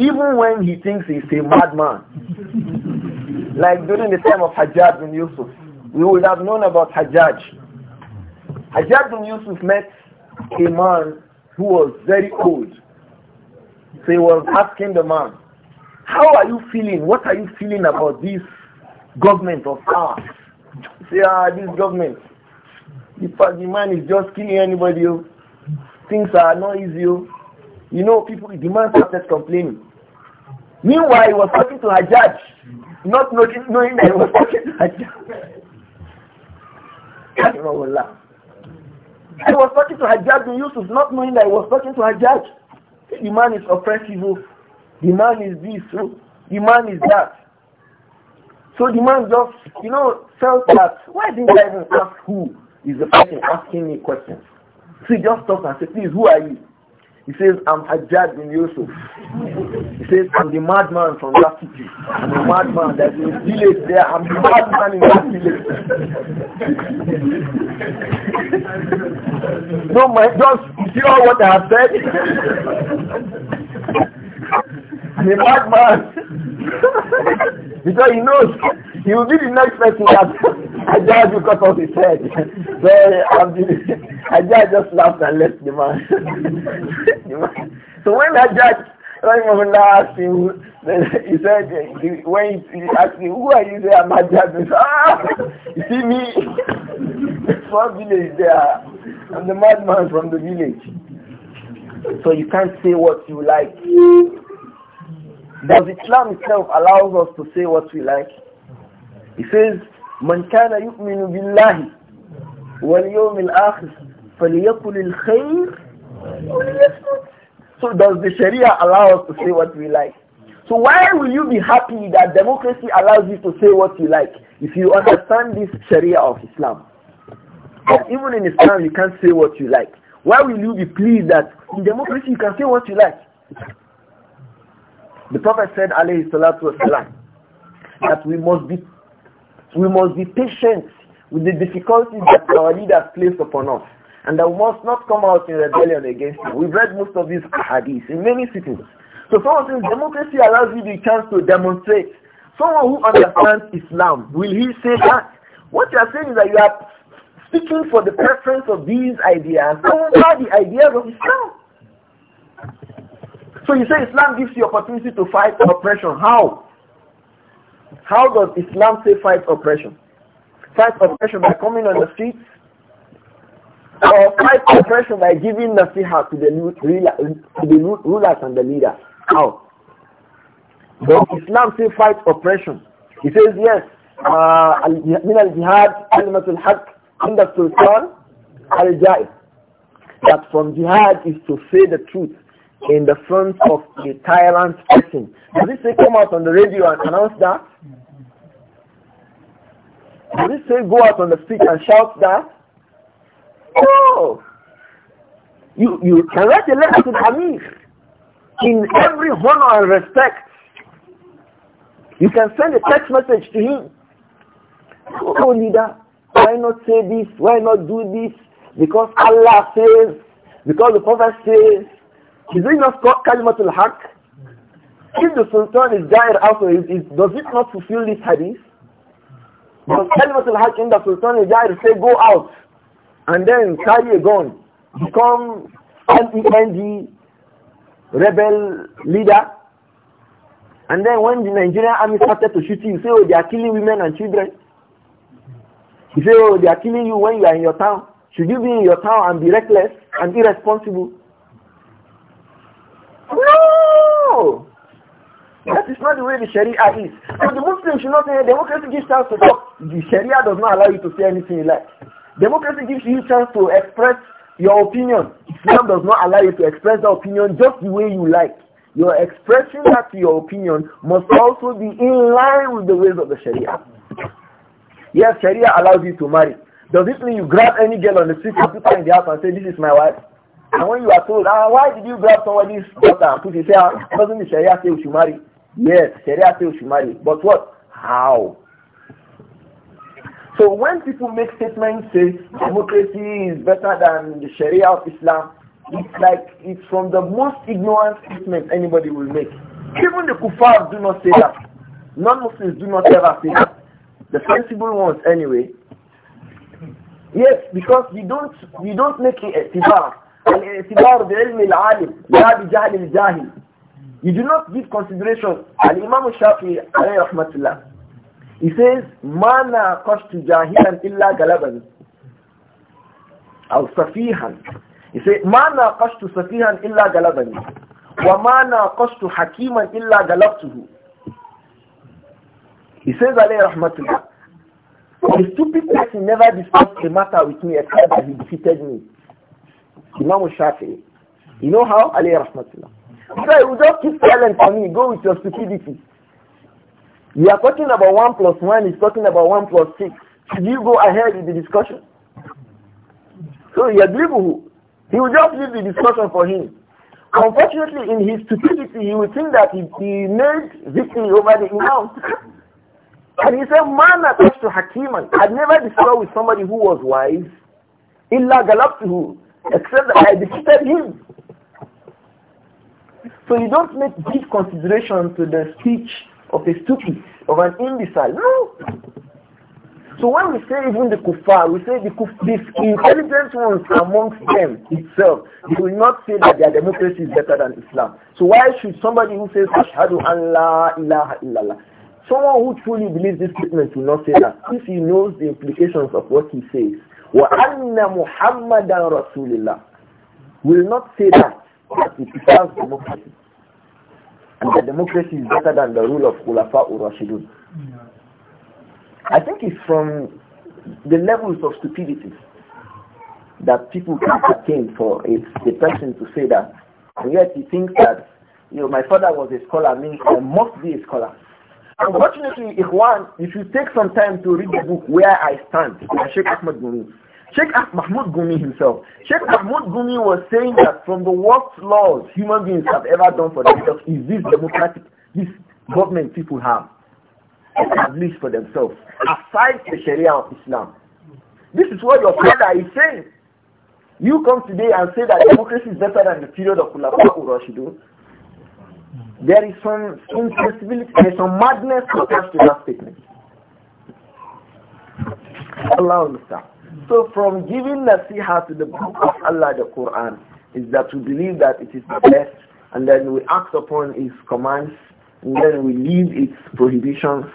Even when he thinks he's a madman. Like during the time of Hajjaj bin Yusuf. We would have known about Hajjaj. Hajjaj bin Yusuf met a man who was very old. So he was asking the man, how are you feeling? What are you feeling about this government of ours? Say, ah, this government. The, the man is just killing anybody. oh, Things are not easy. oh. You know, people, the man started complaining. Meanwhile, he was talking to a judge, not knowing, knowing that he was talking to a judge. I don't laugh. I was talking to a judge in Yusuf, not knowing that I was talking to a judge. The man is oppressive. oh. The man is this, oh, the man is that. So the man just, you know, felt that, why didn't I even ask who is the person asking me questions? So he just stopped and said, please, who are you? He says, I'm Hajjad bin Yusuf. He says, I'm the madman from that city. I'm the madman that is village there. I'm the madman in that village. no, my, just, you see all what I have said? and a madman. because he knows he will be the next person that Ajah will cut off his head. so I just laughed and left the man. the man. So when Ajah Rahimahullah asked him, he said, when he asked me who are you there? I'm Ajah. He said, ah, you see me? Small village there. I'm the madman from the village. So you can't say what you like. Does Islam itself allows us to say what we like? He says, من كان يؤمن بالله واليوم الآخر فليقل الخير وليصمت. So does the Sharia allow us to say what we like? So why will you be happy that democracy allows you to say what you like if you understand this Sharia of Islam? That even in Islam you can't say what you like. Why will you be pleased that in democracy you can say what you like? The Prophet said, alayhi salatu wasalam, that we must be we must be patient with the difficulties that our leaders place upon us and that we must not come out in rebellion against them. We've read most of these hadiths in many cities. So someone says democracy allows you the chance to demonstrate. Someone who understands Islam, will he say that? What you are saying is that you are speaking for the preference of these ideas over the ideas of Islam. So you say Islam gives you opportunity to fight oppression. How? How does Islam say fight oppression? Fight oppression by coming on the streets? Or fight oppression by giving nasiha to the, to the rulers and the leaders? How? Does Islam say fight oppression? He says yes. Uh, al- al-jihad, al كلمة الحق عند al-Jihad. that from jihad is to say the truth in the front of a tyrant person. Does he say come out on the radio and announce that? Does he say go out on the street and shout that? No. You, you can write a letter to the Amir in every honor and respect. You can send a text message to him. Oh leader, why not say this? Why not do this? Because Allah says, because the Prophet says, is it not called Kalimatul Haq? If the Sultan is Jair also, is, is, does it not fulfill this hadith? Does Kalimatul Haq in the Sultan is Jair say go out and then carry a gun, become LEND rebel leader? And then when the Nigerian army started to shoot you, you say, oh, they are killing women and children. You say, oh, they are killing you when you are in your town. Should you be in your town and be reckless and irresponsible? No. That is not the way the Sharia is. So the Muslims should not say democracy gives chance to talk. The Sharia does not allow you to say anything you like. Democracy gives you chance to express your opinion. Islam does not allow you to express that opinion just the way you like. Your expressing that your opinion must also be in line with the ways of the Sharia. Yes, Sharia allows you to marry. Does it mean you grab any girl on the street and put her in the house and say, this is my wife? And when you are told, ah, why did you grab somebody's daughter and put it say, ah, doesn't the Sharia say you should marry? Yes, Sharia say you should marry. But what? How? So when people make statements say democracy is better than the Sharia of Islam, it's like it's from the most ignorant statement anybody will make. Even the kuffar do not say that. Non-Muslims do not ever say that. The sensible ones anyway. Yes, because you don't you don't make it a الاعتبار بعلم العالم لا بجهل الجاهل You do not give consideration Al-Imam Shafi alayhi rahmatullah He says Mana qashtu jahilan illa galabani أو سفيها He says ما ناقشت سفيها إلا غلبني وما ناقشت حكيما إلا غلبته He says عليه رحمة الله A stupid person never discussed a matter with me except that he defeated me. Imam Shafi'i. You know how? Ali Rahmatullah. So you just keep silent for me. Go with your stupidity. You are talking about 1 plus 1 He's talking about 1 plus 6. Should you go ahead with the discussion? So Yadribuhu, he will just leave the discussion for him. Unfortunately, in his stupidity, he would think that he, he made victory over the Imam. and he said, man attached to Hakiman. I never discussed with somebody who was wise. Illa galabtuhu except that I defeated him. So you don't make deep consideration to the speech of a stupid, of an imbecile. No. So when we say even the kuffar, we say the kuf- these intelligent ones amongst them itself, they will not say that their democracy is better than Islam. So why should somebody who says Ashhadu Allah ilaha illallah, someone who truly believes this statement will not say that if he knows the implications of what he says. Wa anna Muhammadan Rasulullah will not say that, that it serves democracy. And the democracy is better than the rule of Khulafa or Rashidun. I think it's from the levels of stupidity that people can attain for a, a person to say that. And yet he thinks that, you know, my father was a scholar, means I must be a scholar. Unfortunately, Ikhwan, if you take some time to read the book Where I Stand by Sheikh Ahmad Gumi, Sheikh Mahmoud Gumi himself, Sheikh Mahmoud Gumi was saying that from the worst laws human beings have ever done for themselves is this democratic, this government people have established for themselves, aside the Sharia of Islam. This is what your father is saying. You come today and say that democracy is better than the period of Khulafa Urashidu. There is some insensibility, there is some madness attached to that statement. Allah So from giving nasiha to the book of Allah, the Quran, is that we believe that it is the best and then we act upon its commands and then we leave its prohibitions.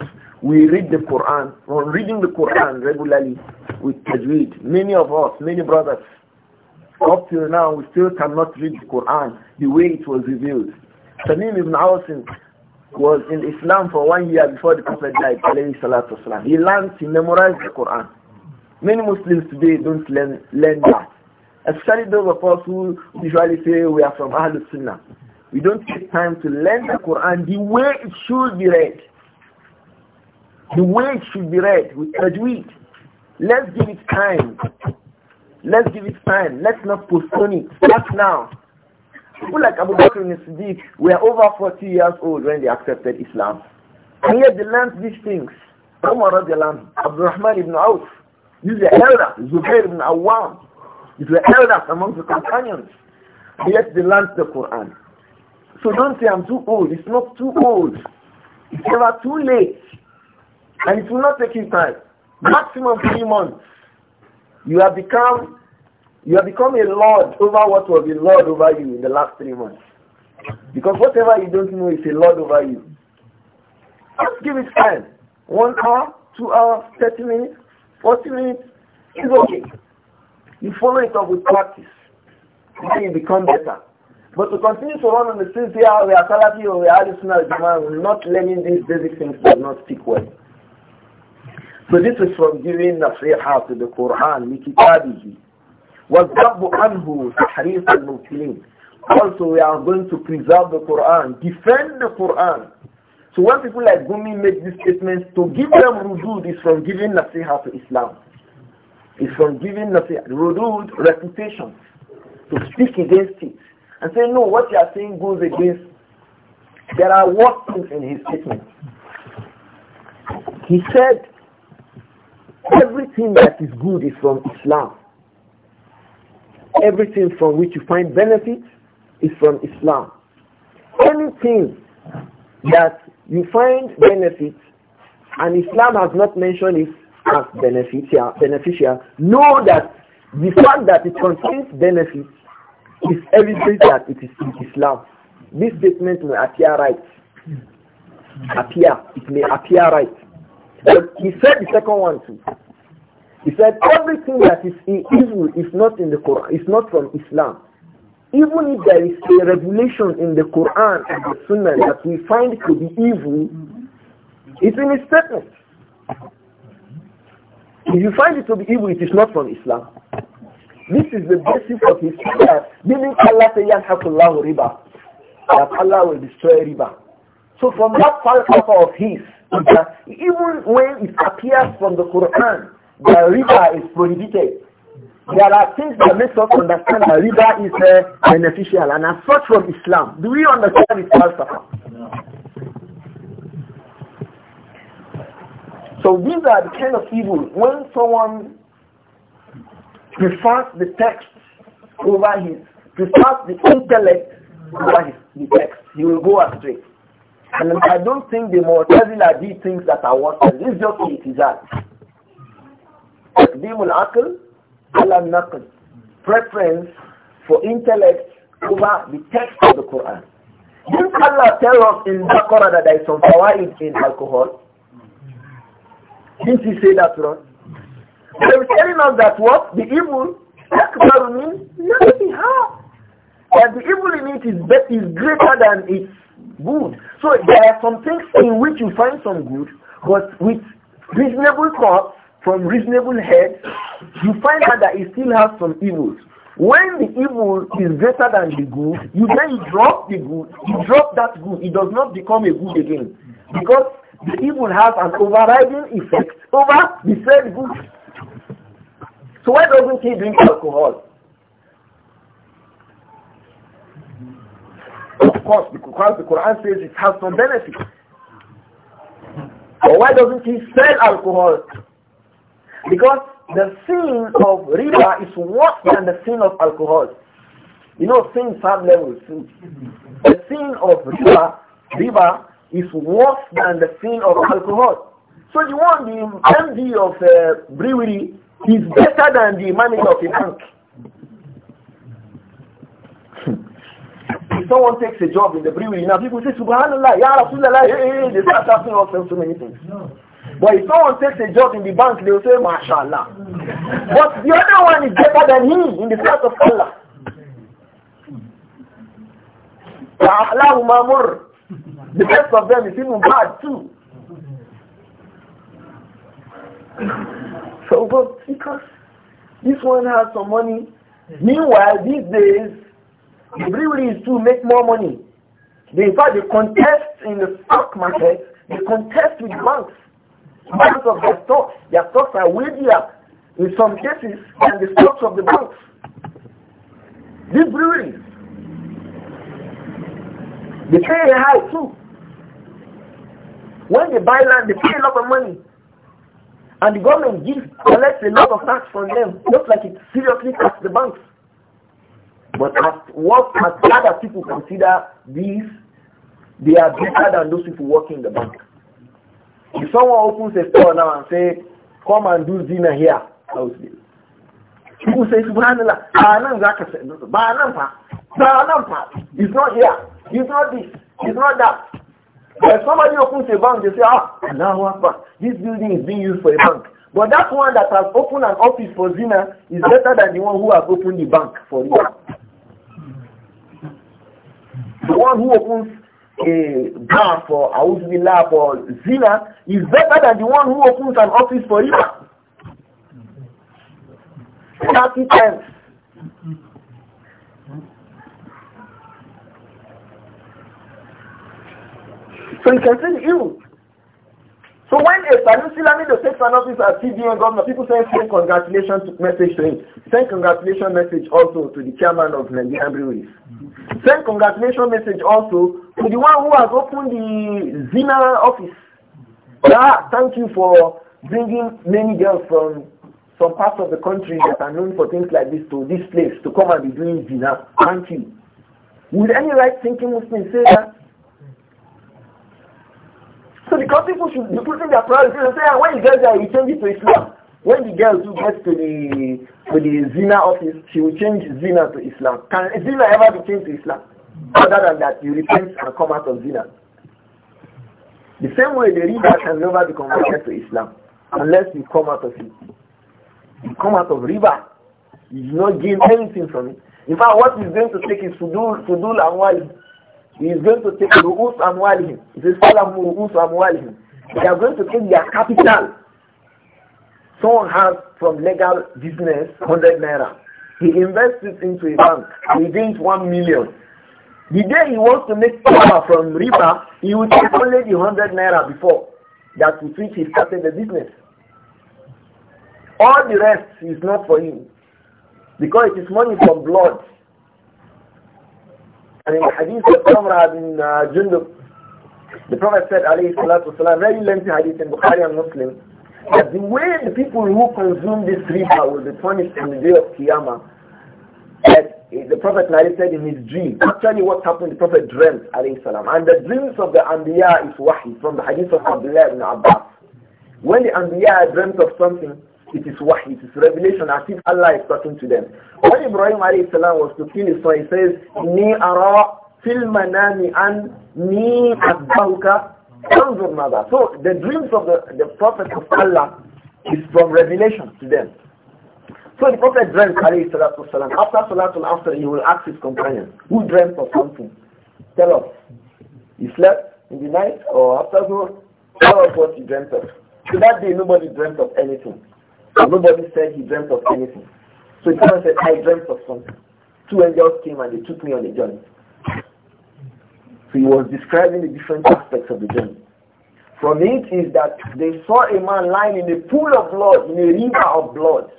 We read the Quran. From reading the Quran regularly with tajweed, many of us, many brothers, up till now we still cannot read the Quran the way it was revealed. Tamim ibn Awsim was in Islam for one year before the Prophet died, alayhi salatu wasalam. He learned, he memorized the Quran. Many Muslims today don't learn, learn that. Especially those of us who usually say we are from Ahlul Sunnah. We don't take time to learn the Quran the way it should be read. The way it should be read with tajweed. Let's give it time. Let's give it time. Let's not postpone it. Start now. People like Abu Bakr and Siddiq were over 40 years old when they accepted Islam. And yet they learned these things. Umar radiallahu Abdurrahman ibn Auf, these were elders, Zubair ibn Awam, these were elders among the companions. And yet they learned the Quran. So don't say I'm too old. It's not too old. It's never too late. And it will not take you time. Maximum three months. You have become you have become a lord over what was a lord over you in the last three months. Because whatever you don't know is a lord over you. Just give it time. One hour, two hours, 30 minutes, 40 minutes. It's okay. You follow it up with practice. Then you become better. But to continue to run on the same here, we are Salafi or we are Addisonal Jamal, not learning these basic things does not stick well. So this is from giving heart to the Quran, Mikitabihi. وَالْذَبُّ عَنْهُ تَحْرِيفَ الْمُبْتِلِينَ Also, we are going to preserve the Quran, defend the Quran. So when people like Gumi make these statements, to give them rudud is from giving nasiha to Islam. It's from giving nasiha. Rudud, reputation. To speak against it. And say, no, what you are saying goes against. There are worse things in his statement. He said, everything that is good is from Islam everything from which you find benefit is from Islam. Anything that you find benefit and Islam has not mentioned it as beneficial, beneficial know that the fact that it contains benefits is evidence that it is in Islam. This statement may appear right. Appear. It may appear right. But he said the second one too. He said everything that is evil is not in the Quran, is not from Islam. Even if there is a revelation in the Quran and the Sunnah that we find to be evil, it's in his statement. If you find it to be evil, it is not from Islam. This is the basis of his prayer. Meaning Allah say That Allah will destroy riba. So from that falsafa of his, that even when it appears from the Quran, the riba is prohibited. There are things that make us understand that riba is uh, beneficial and as such from Islam. Do we understand it, Falsafa? No. So these are the kind of evil when someone prefers the text over his, prefers the intellect over his, the text. He will go astray. And I don't think the more did things that are worse. This just it is that. تقديم العقل على النقل preference for intellect over the text of the Quran. Didn't Allah tell us in Quran that there is some fawaid in alcohol? Didn't he say that us? They was telling us that what? The evil, akbar means nothing half. And the evil in it is, is greater than its good. So there are some things in which you find some good, but with reasonable thought, from reasonable head, you find out that he still has some evils. When the evil is greater than the good, you then drop the good, you drop that good. It does not become a good again. Because the evil has an overriding effect over the said good. So why doesn't he drink alcohol? Of course, because the Quran says it has some benefit. But why doesn't he sell alcohol? Because the sin of riba is worse than the sin of alcohol. You know, sin have level Sin. The sin of riba, riba is worse than the sin of alcohol. So the one, the MD of a uh, brewery is better than the manager of a bank. if someone takes a job in the brewery now, people say, Subhanallah, Ya Rasulallah, hey, eh, eh, hey, eh, they start asking us so many things. No. But if someone takes a job in the bank, they will say, mashallah. but the other one is better than him in the sight of Allah. The best of them is even bad too. So, but because this one has some money, meanwhile, these days, the is to make more money. They, in fact, they contest in the stock market, they contest with banks. Most of their stocks, their stocks are weightier in some cases than the stocks of the banks. These breweries, they pay high too. When they buy land, they pay a lot of money. And the government gives, collects a lot of tax from them, Looks like it seriously taxes the banks. But as what as other people consider these, they are better than those people working in the bank. If someone opens a store now and say, come and do dinner here, I will say, people say, subhanallah, it's not here, it's not this, it's not that. When somebody opens a bank, they say, ah, Allahu Akbar, this building is being used for a bank. But that one that has opened an office for Zina is better than the one who has opened the bank for you. The one who opens a bar for Auzubillah for Zina is better than the one who opens an office for Iman. Thirty times. So you can see the evil. So when a Sanusi the takes an office at CBN governor, people send same congratulations message to him. Send congratulation message also to the chairman of Nigerian Breweries. Send congratulation message also to the one who has opened the Zina office. Ah, thank you for bringing many girls from some parts of the country that are known for things like this to this place to come and be doing Zina. Thank you. Would any right-thinking Muslim say that? So because people should be putting their priorities and say, ah, when the girls are, you change it to Islam. When the girl who get to the to the zina office, she will change zina to Islam. Can zina ever be changed to Islam? Other than that, you repent and come out of zina. The same way the river can never be converted to Islam unless you come out of it. You come out of riba, you do not gain anything from it. In fact, what what is going to take is fudul, fudul and wise he is going to take Ru'us Amwalihim. He Salamu Ru'us Amwalihim. They are going to take their capital. Someone has from legal business 100 naira. He invests it into a bank. He gains 1 million. The day he wants to make power from riba, he will take only the 100 naira before. That with which he started the business. All the rest is not for him. Because it is money from blood. And in the hadith of Samra bin uh, Jundub, the Prophet said, alayhi salatu wasalam, very lengthy hadith in Bukhari and Muslim, that the way the people who consume this riba will be punished on the day of Qiyamah, that eh, the Prophet narrated in his dream. Actually what happened, the Prophet dreamt, alayhi salam. And the dreams of the Anbiya is wahi, from the hadith of Abdullah ibn Abbas. When the Anbiya dreamt of something, it is wahy, it is revelation as if Allah is talking to them. When Ibrahim alayhi salam was to kill his son, he says, Ni ara fil manami an ni asbahuka anzur mada. So the dreams of the, the Prophet of Allah is from revelation to them. So the Prophet dreamt alayhi salam. After Salatul after he will ask his companion, who dreamt of something? Tell us. He slept in the night or after noon? Tell us what he dreamt of. So that day nobody dreamt of anything. And nobody said he dreamt of anything. So the man said, I dreamt of something. Two angels came and they took me on a journey. So he was describing the different aspects of the journey. From it is that they saw a man lying in a pool of blood, in a river of blood.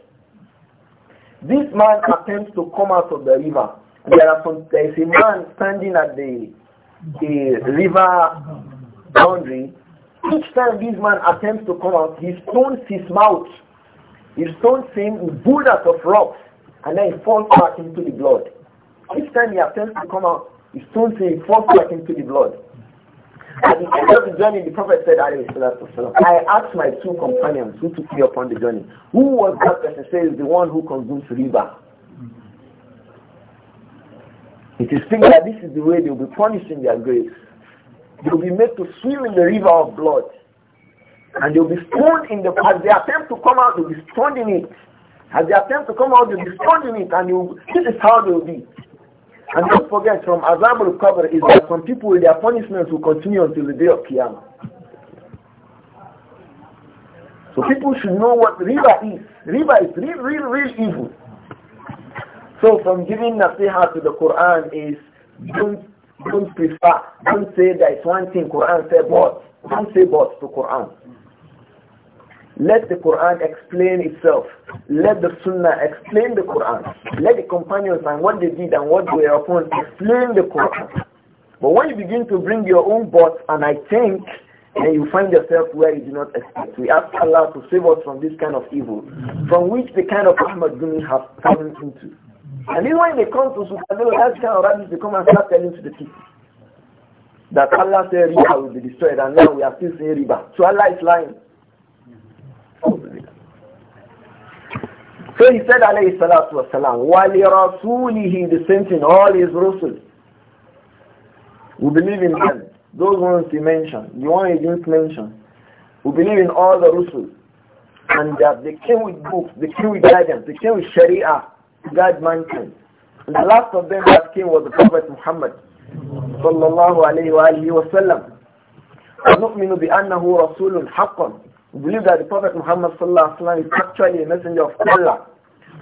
This man attempts to come out of the river. There are some there is a man standing at the the river boundary. Each time this man attempts to come out, he stones his mouth he stones him out of rocks and then he falls back into the blood. Each time he attempts to come out, he stones him, he falls back into the blood. At the end of the journey, the Prophet said, I asked my two companions who took me upon the journey, who was that person? Says the one who consumes river. It is thinking that this is the way they will be punished in their graves. They will be made to swim in the river of blood. And they'll be stoned in the, as they attempt to come out, they'll be stoned in it. As they attempt to come out, they'll be stoned in it. And you, this is how they'll be. And don't forget, from Azab al-Qabr is that some people, their punishments will continue until the day of Qiyamah. So people should know what riba is. Riba is real, real, real evil. So from giving nasiha to the Quran is don't don't prefer, don't say there is one thing Quran said but, don't say but to Quran. Let the Quran explain itself. Let the Sunnah explain the Quran. Let the companions and what they did and what they were upon explain the Quran. But when you begin to bring your own thoughts and I think, and you find yourself where you do not expect. We ask Allah to save us from this kind of evil, from which the kind of Ahmad Gumi has fallen into. And then when they come to Subhanallah, that kind of rabbis, they come and start telling to the people that Allah said riba will be destroyed and now we are still saying riba. So Allah is lying. So he said, alayhi salatu wasalam, wali rasulihi, the same thing, all his rusul. We believe in them. Those ones he mentioned, the one he didn't mention. We believe in all the rusul. And that they came with books, they came with guidance, they came with sharia guidance, mankind. And the last of them that came was the Prophet Muhammad sallallahu alayhi wa alihi wa sallam. نؤمن بأنه رسول حقا we believe that the Prophet Muhammad sallallahu alaihi wasallam is actually a messenger of Allah.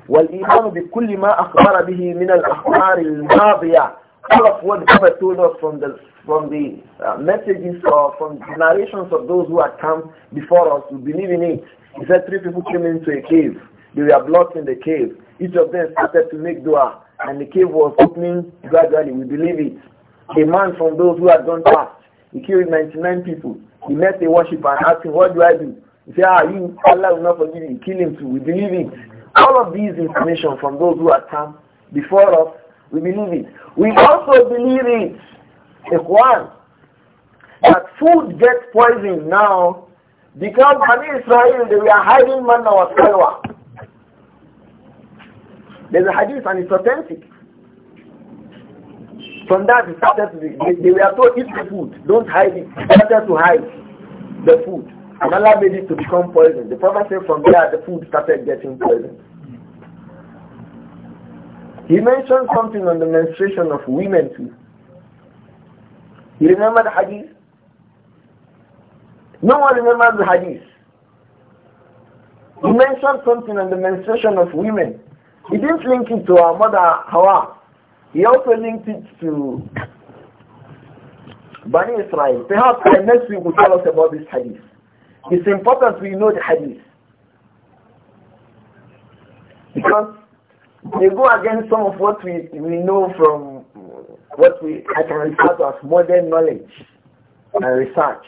والإيمان بكل ما أخبر به من الأخبار الماضية all of what the Prophet told us from the from the uh, messages or from the narrations of those who had come before us we believe in it he said three people came into a cave they were blocked in the cave each of them started to make dua and the cave was opening gradually we believe it a man from those who had gone past he killed 99 people he met a worshipper and asked him what do I do you say, ah, you, Allah will not forgive you. Kill him too. We believe it. All of these information from those who are come before us, we believe it. We also believe it, Ikhwan, that food gets poisoned now because Bani Israel, they were hiding manna or salwa. There's a hadith and it's authentic. From that, it started to be, they, they were told, eat the food, don't hide it. started to hide the food. And Allah made it to become poison. The Prophet said from there the food started getting poisoned. He mentioned something on the menstruation of women too. You remember the hadith? No one remembers the hadith. He mentioned something on the menstruation of women. He didn't link it to our mother Hawa. He also linked it to Bani Israel. Perhaps next week will tell us about this hadith. It's important we know the hadith. Because they go against some of what we, we know from what we I can refer to as modern knowledge and research.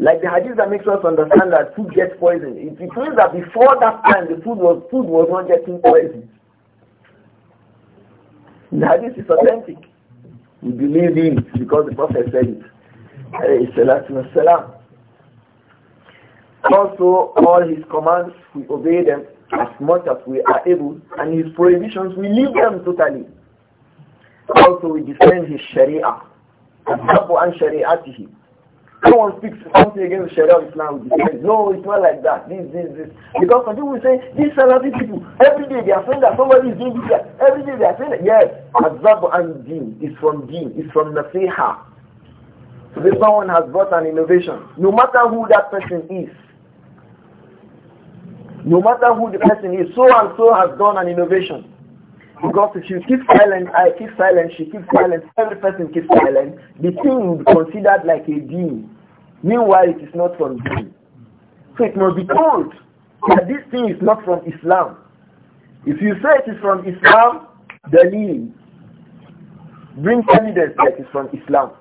Like the hadith that makes us understand that food gets poisoned. It, means that before that time the food was food was not getting poisoned. The hadith is authentic. We believe in it because the Prophet said it. Also, all his commands, we obey them as much as we are able, and his prohibitions, we leave them totally. Also, we defend his sharia, example and shariatihi. speaks something against the sharia of Islam, No, it's not like that. This, this, this. Because some people say, these Salafi people, every day they are saying that somebody is doing this, every day they are saying that. Yes, example and deen is from deen, is from nasiha. So this one has brought an innovation. No matter who that person is, no matter who the person is, so and so has done an innovation. Because if you keep silent, I keep silent, she keeps silent, every person keeps silent, the thing will be considered like a deed. Meanwhile, it is not from deed. So it must be told that this thing is not from Islam. If you say it is from Islam, then bring evidence that it is from Islam.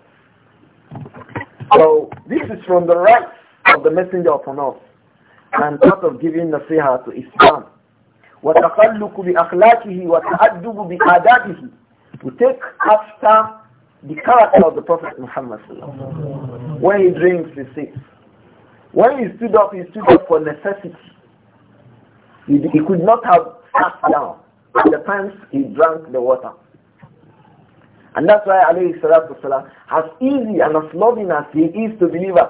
So this is from the rights of the messenger of Allah and part of giving nasiha to Islam. وَتَخَلُّقُ بِأَخْلَاقِهِ وَتَأَدُّبُ بِآدَابِهِ to take after the character of the Prophet Muhammad When he drinks, he sits. When he stood up, he stood up for necessity. He, could not have sat down at the times he drank the water. And that's why alayhi salatu wasalam, as easy and as loving as he is to believers,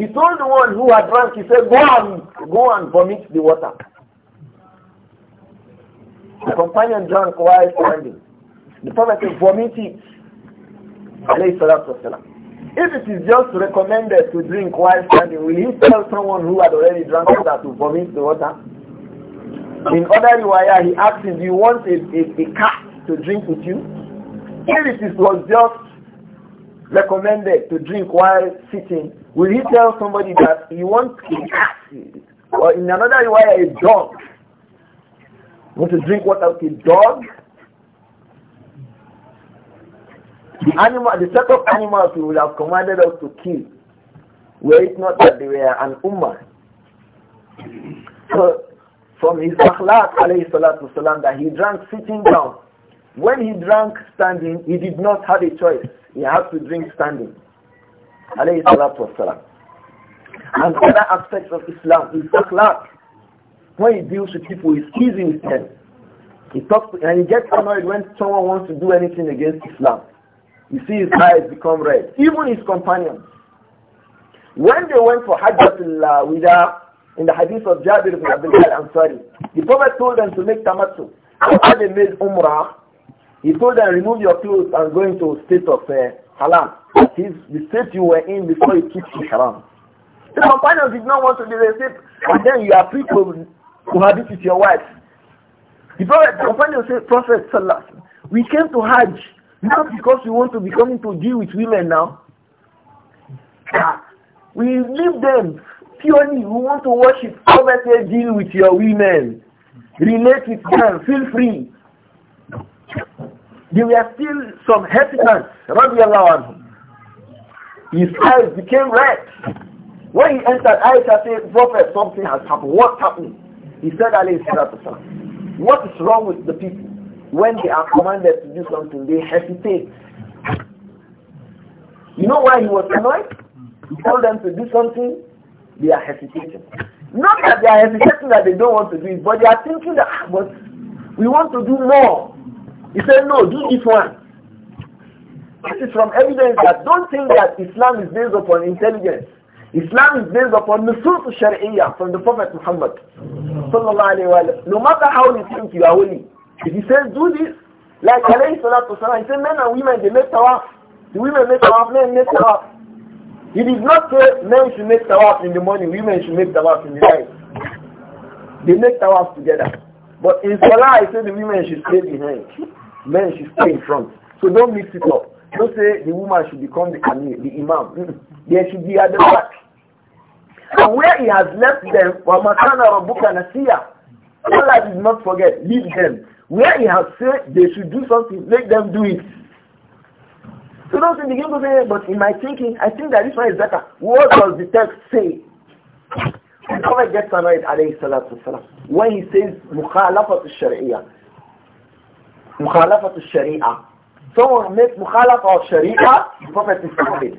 he told the one who had drunk, he said, go and, go and vomit the water. The companion drank while standing. The Prophet said, vomit it. If it is just recommended to drink while standing, will he tell someone who had already drunk water to vomit the water? In other riwayah, he asked him, do you want a, a, a cat to drink with you? If it is, was just recommended to drink while sitting, Will he tell somebody that you want a cat or in another way a dog? want to drink water with a dog? The animal, the set of animals he would have commanded us to kill, were it not that they were an ummah. So, from his akhlaq, alayhi salatu salam, that he drank sitting down. When he drank standing, he did not have a choice. He had to drink standing alayhi salatu wasalam. And other aspects of Islam is akhlaq. When he deals with people, he's easy with them. He talks to, and he gets annoyed when someone wants to do anything against Islam. You see his eyes become red. Even his companions. When they went for with Wida, in the hadith of Jabir ibn I'm Ansari, the Prophet told them to make tamattu. After they made Umrah, he told them, remove your clothes and go into a state of uh, that is the state you were in before you took haram? The companions did not want to be the state, but then you are free to cohabit with your wife. The prophet, the companion said, Prophet Salah, we came to Hajj not because we want to be coming to deal with women now. Ah, we leave them purely. We want to worship. Prophet said, deal with your women. Relate with them. Feel free. There were still some hesitants. Radiallahu anhum. His eyes became red. When he entered, Aisha said, Prophet, something has happened. What's happening? He said, what is wrong with the people? When they are commanded to do something, they hesitate. You know why he was annoyed? He told them to do something, they are hesitating. Not that they are hesitating that they don't want to do it, but they are thinking that, ah, but we want to do more. He said, no, do this one. This is from evidence that don't think that Islam is based upon intelligence. Islam is based upon nusus shari'iyah from the Prophet Muhammad No matter how you think you are holy, if he says do this, like alayhi salatu salam, he said men and women, they make tawaf. The women make tawaf, men make tawaf. He did not say men should make tawaf in the morning, women should make tawaf in the night. They make tawaf together. But in Salah, he said the women should stay behind. Men should stay in front. So don't mix it up. Don't say the woman should become the, the imam. there should be at the back. And where he has left them, وَمَكَانَ رَبُّكَ نَسِيًّا Allah did not forget, leave them. Where he has said they should do something, make them do it. So don't say, begin to say, but in my thinking, I think that this one is better. What does the text say? The Prophet gets annoyed, alayhi salatu wasalam, when he says, مُخَالَفَةُ الشَّرْعِيَّة مُخَالَفَةُ الشَّرِيعَةِ someone makes mukhalaf or sharia, the Prophet is afraid.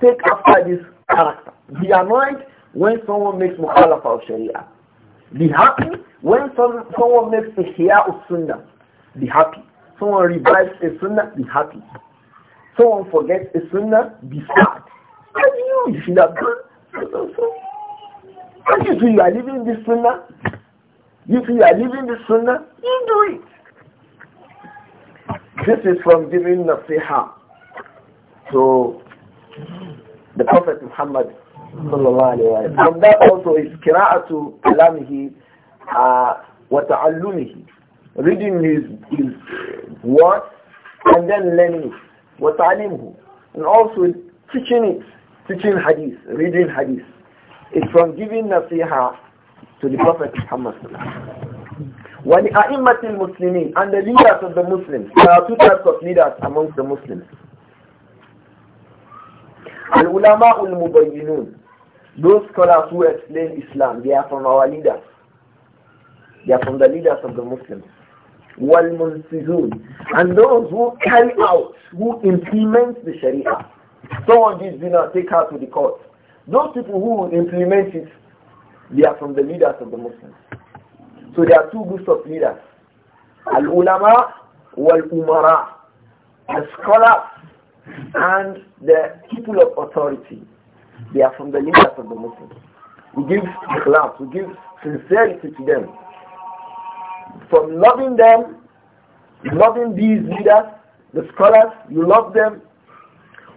Take after this character. Be annoyed when someone makes mukhalaf or sharia. Be happy when some, someone makes ihya or sunnah. Be happy. Someone revives a sunnah, be happy. Someone forgets a sunnah, be sad. How you, you should have done How you do you are living this sunnah? You feel you are living this sunnah, you do it. This is from giving nasiha to the Prophet Muhammad From that also is qira'atu kalamihi uh, wa ta'allumihi. Reading his, his words and then learning it. Wa And also teaching it. Teaching hadith. Reading hadith. It's from giving nasiha to the Prophet Muhammad وَلِأَئِمَّةِ الْمُسْلِمِينَ And the leaders of the Muslims. There are two types of leaders amongst the Muslims. العلماء المبينون Those scholars who explain Islam, they are from our leaders. They are from the leaders of the Muslims. والمنفذون And those who carry out, who implement the Sharia. Someone gives dinner, take her to the court. Those people who implement it, they are from the leaders of the Muslims. So there are two groups of leaders. Al-ulama wal-umara. The scholars and the people of authority. They are from the leaders of the Muslims. We give ikhlas, we give sincerity to them. From loving them, loving these leaders, the scholars, you love them.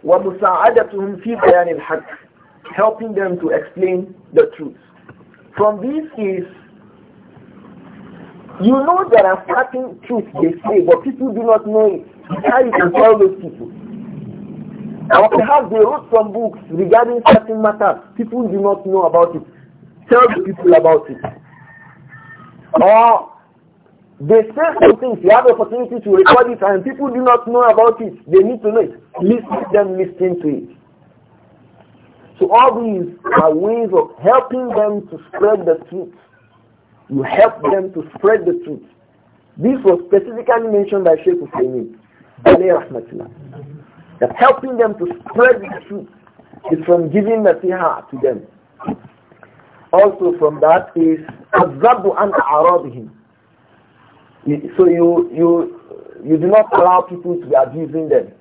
وَمُسَاعَدَتُهُمْ فِي بَيَانِ الْحَقِّ Helping them to explain the truth. From this is you know there are certain truths they say, but people do not know it. How you can tell those people? Or perhaps they wrote some books regarding certain matters. People do not know about it. Tell the people about it. Or they say some things, you have the opportunity to record it and people do not know about it. They need to know it. Listen to them listen to it. So all these are ways of helping them to spread the truth. You help them to spread the truth. This was specifically mentioned by Sheikh Hussein, that helping them to spread the truth is from giving nasiha to them. Also from that is azabu an arabihim. So you you you do not allow people to be abusing them.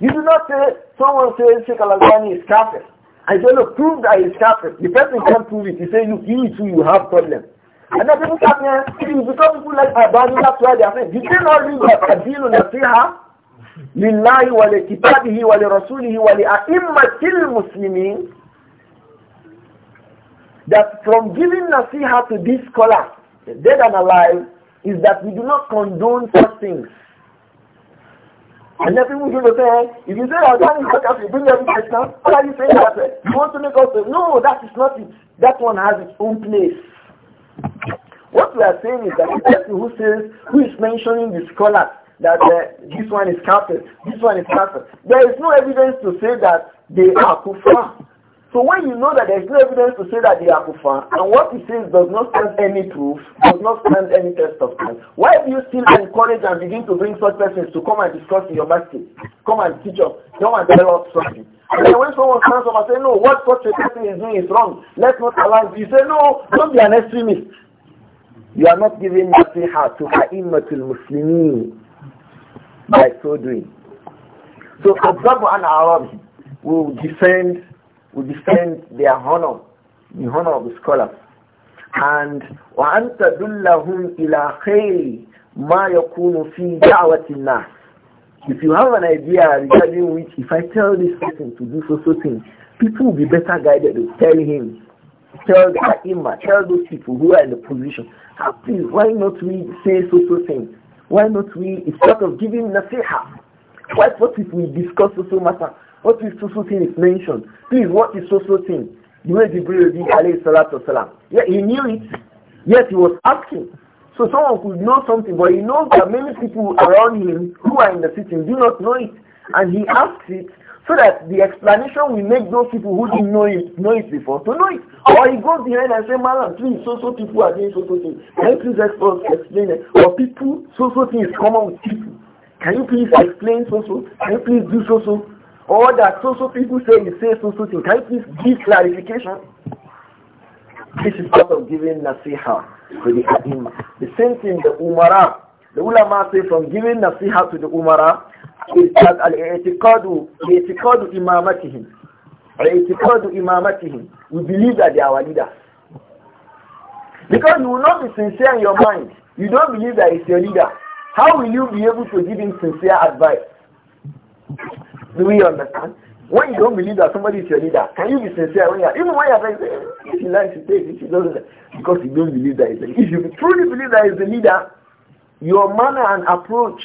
You do not say someone says Sheikh Al Albani is kafir. I say look, prove that he is kafir. The person can't prove it. You say look, you too you have problem. And then people come here, you become people like Abani, that's why they are saying, did you not read that Adil Nasiha? لله ولكتابه ولرسوله ولأئمة Muslimin that from giving nasiha to this scholar dead and alive, is that we do not condone such things. And nothing we should say, if you say that one is you bring every question, what are you saying You want to make us say, no, that is not it. That one has its own place. What we are saying is that the person who says, who is mentioning the scholars, that uh, this one is captain, this one is captain, there is no evidence to say that they are kuffar. So when you know that there is no evidence to say that they are kufar, and what he says does not stand any proof, does not stand any test of time, why do you still encourage and begin to bring such persons to come and discuss in your masjid? Come and teach us, come and tell us something. And then when someone stands up and says, no, what such a person is doing is wrong, let's not allow You say, no, don't be an extremist. You are not giving nasiha to ha'immatul muslimin by so doing. So, that an Arab, will defend we defend their honor, the honor of the scholars. And وَأَنْ تَدُلَّهُمْ إِلَىٰ خَيْرِ مَا يَكُونُ فِي دَعْوَةِ النَّاسِ If you have an idea regarding which, if I tell this person to do so so thing, people will be better guided to tell him tell the to tell those people who are in the position, ah, please, why not we say so so thing? Why not we, instead of giving nasiha, why not if we discuss so so matter? What is so-so thing is mentioned. Please, what is so-so thing? The way Jibril did, alayhi salatu Salam. Yeah, he knew it, yet he was asking. So someone could know something, but he knows that many people around him who are in the sitting do not know it. And he asks it so that the explanation will make those people who didn't know it know it before to know it. Or he goes behind and says, Malam, please, so so people are doing so so things. Can you please explain it? Or people, so so things common with people. Can you please explain so so? Can you please do so so? All that so so people say you say so so thing. Can you please give clarification? This is part of giving nasiha to the Aima. The same thing the Umara. The ulama say from giving nasiha to the Umara is that al-i'tiqadu al-i'tiqadu imamatihim. Al-i'tiqadu imamatihim. We believe that they are our leaders. Because you will not be sincere in your mind. You don't believe that it's your leader. How will you be able to give him sincere advice? Do we understand? When you don't believe that somebody is your leader, can you be sincere when you are, even when you are like, eh, if he likes to take it, he doesn't, because you don't believe that he's the If you truly believe that he's the leader, your manner and approach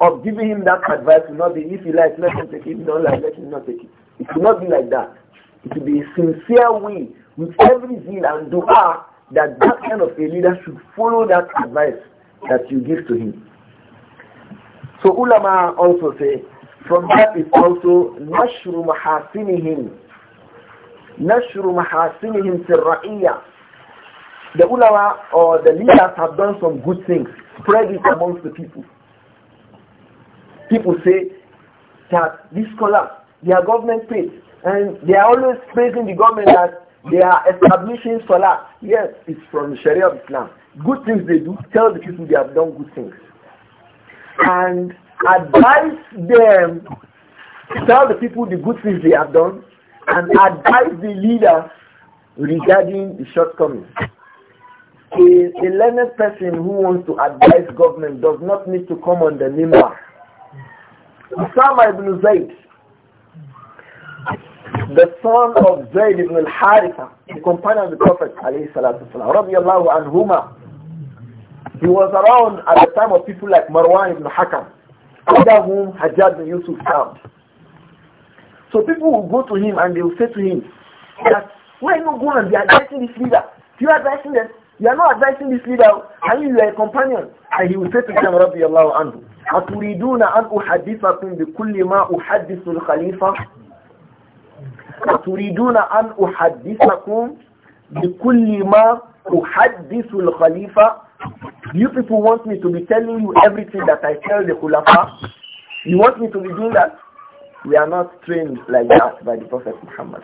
of giving him that advice will not be, if he likes, let him take it, if he don't like, let him not take it. It will not be like that. It will be a sincere way, with every zeal and dua, that that kind of a leader should follow that advice that you give to him. So ulama also say, from that is also nashru محاسنهم نشر محاسنهم في The ulama or the leaders have done some good things. Spread it amongst the people. People say that this collapse, their government paid. And they are always praising the government that they are establishing Salah. Yes, it's from Sharia of Islam. Good things they do, tell the people they have done good things. And advise them tell the people the good things they have done and advise the leader regarding the shortcomings. A, a learned person who wants to advise government does not need to come on the member. ibn Zayd, the son of Zayd ibn al-Haritha, the companion of the Prophet alayhi salatu and anhuma. He was around at the time of people like Marwan ibn Hakam under whom Hajjaj the Yusuf served. So people will go to him and they will say to him that why are you not going and be advising this leader? You are advising them. You are not advising this leader and you are a companion. And he will say to them, Rabbi Allah anhu, أتريدون أن أحدثكم بكل ما أحدث الخليفة؟ أتريدون أن أحدثكم بكل ما أحدث الخليفة؟ you people want me to be telling you everything that I tell the Khulafa? You want me to be doing that? We are not trained like that by the Prophet Muhammad.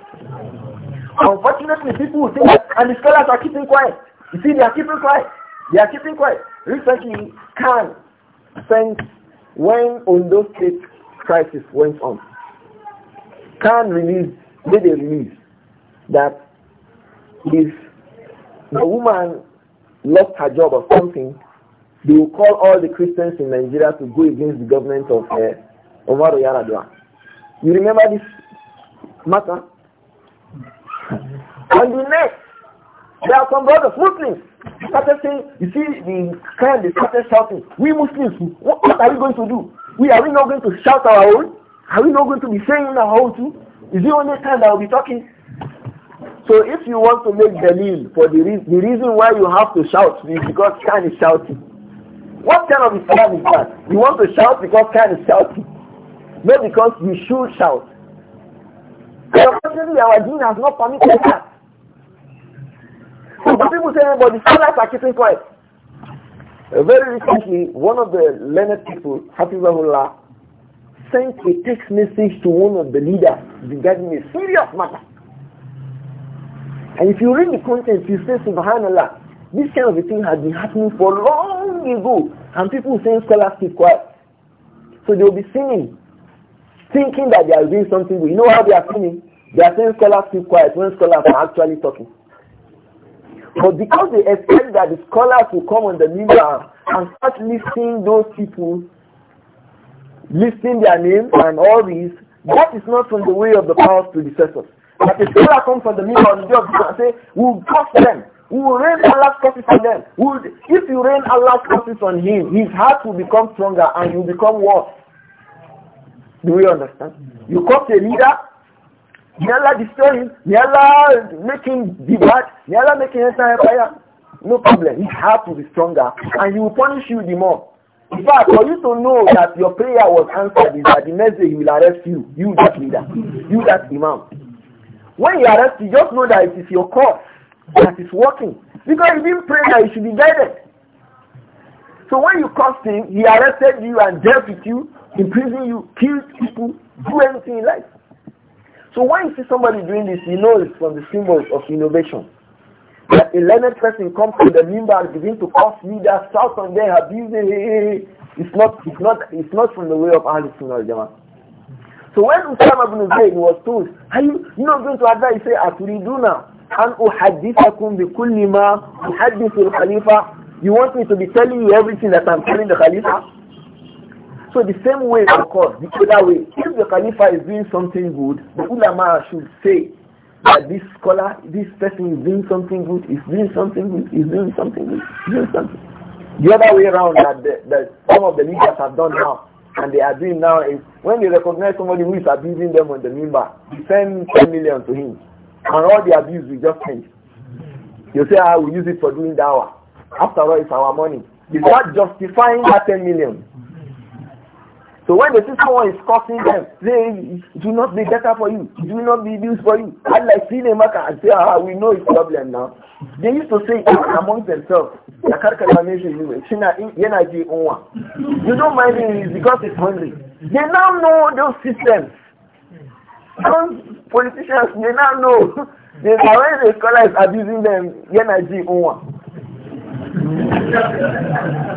Unfortunately, people will think that, and the scholars are keeping quiet. You see, they are keeping quiet. They are keeping quiet. Recently, Khan sent when Ondo State crisis went on. Khan released, made a release that if the woman lost her job or something, they will call all the Christians in Nigeria to go against the government of uh, Omar Yaradua. You remember this matter? and the next, there are some brothers, Muslims, started saying, you see the crowd, they started shouting, we Muslims, what, are we going to do? We Are we not going to shout our own? Are we not going to be saying our own too? Is the only time that will be talking? So if you want to make dalil for the, re- the reason why you have to shout is because Khan is shouting. What kind of Islam is that? You want to shout because Khan is shouting. Not because you should shout. Unfortunately, our deen has not permitted that. So people say, but the scholars are keeping quiet. Uh, very recently, one of the learned people, Hafizahullah, sent a text message to one of the leaders regarding a serious matter. And if you read the context, you say, Subhanallah, this kind of a thing has been happening for long ago. And people saying scholars keep quiet. So they will be singing, thinking that they are doing something good. You know how they are singing? They are saying scholars keep quiet when scholars are actually talking. But because they expect that the scholars will come on the media and start listing those people, listing their names and all these, that is not from the way of the past predecessors. But if Allah comes from the middle on the job. and say, we'll curse them. We will rain Allah's curses on them. We'll, if you rain Allah's curses on him, his heart will become stronger and you become worse. Do you understand? You curse a leader, may Allah destroy him, may Allah make him be bad, may Allah make him enter fire. No problem. His heart will be stronger and he will punish you the more. In fact, for you to know that your prayer was answered is that the next day he will arrest you, you that leader, you that imam. When you arrest, you just know that it is your cause that is working. Because you have been praying that you should be guided. So when you cursed him, he arrested you and dealt with you, imprisoned you, killed people, do anything in life. So when you see somebody doing this, you know it's from the symbols of innovation. That a learned person comes to the member and begins to curse leaders, shout on them, abuse them. It's not, it's not, it's not from the way of Allah Subhanahu wa Taala. So when Usama ibn Zayd was told, are you, you not going to advise, say, Aturiduna, an uhadithakum bi kulli ma uhadithu khalifa You want me to be telling you everything that I'm telling the Khalifa? So the same way, of course, the other way, if the Khalifa is doing something good, the ulama should say that this scholar, this person is doing something good, is doing something good, is doing something good, is doing something. The other way around that, the, that some of the leaders have done now, and they are doing now is when they recognize somebody who is abusing them on the member, send 10 million to him. And all the abuse will just send. You say, I ah, will use it for doing dawah. After all, it's our money. Is that justifying that 10 million. So when they see someone is costing them, they do not be better for you. Do not be used for you. I like see them and say, ah, we know it's problem now. They used to say among themselves. The karkara means you eh? Shina energy onwa. You don't mind it because it's hungry. They now know those systems. Those politicians they now know they are when the scholar is abusing them energy onwa.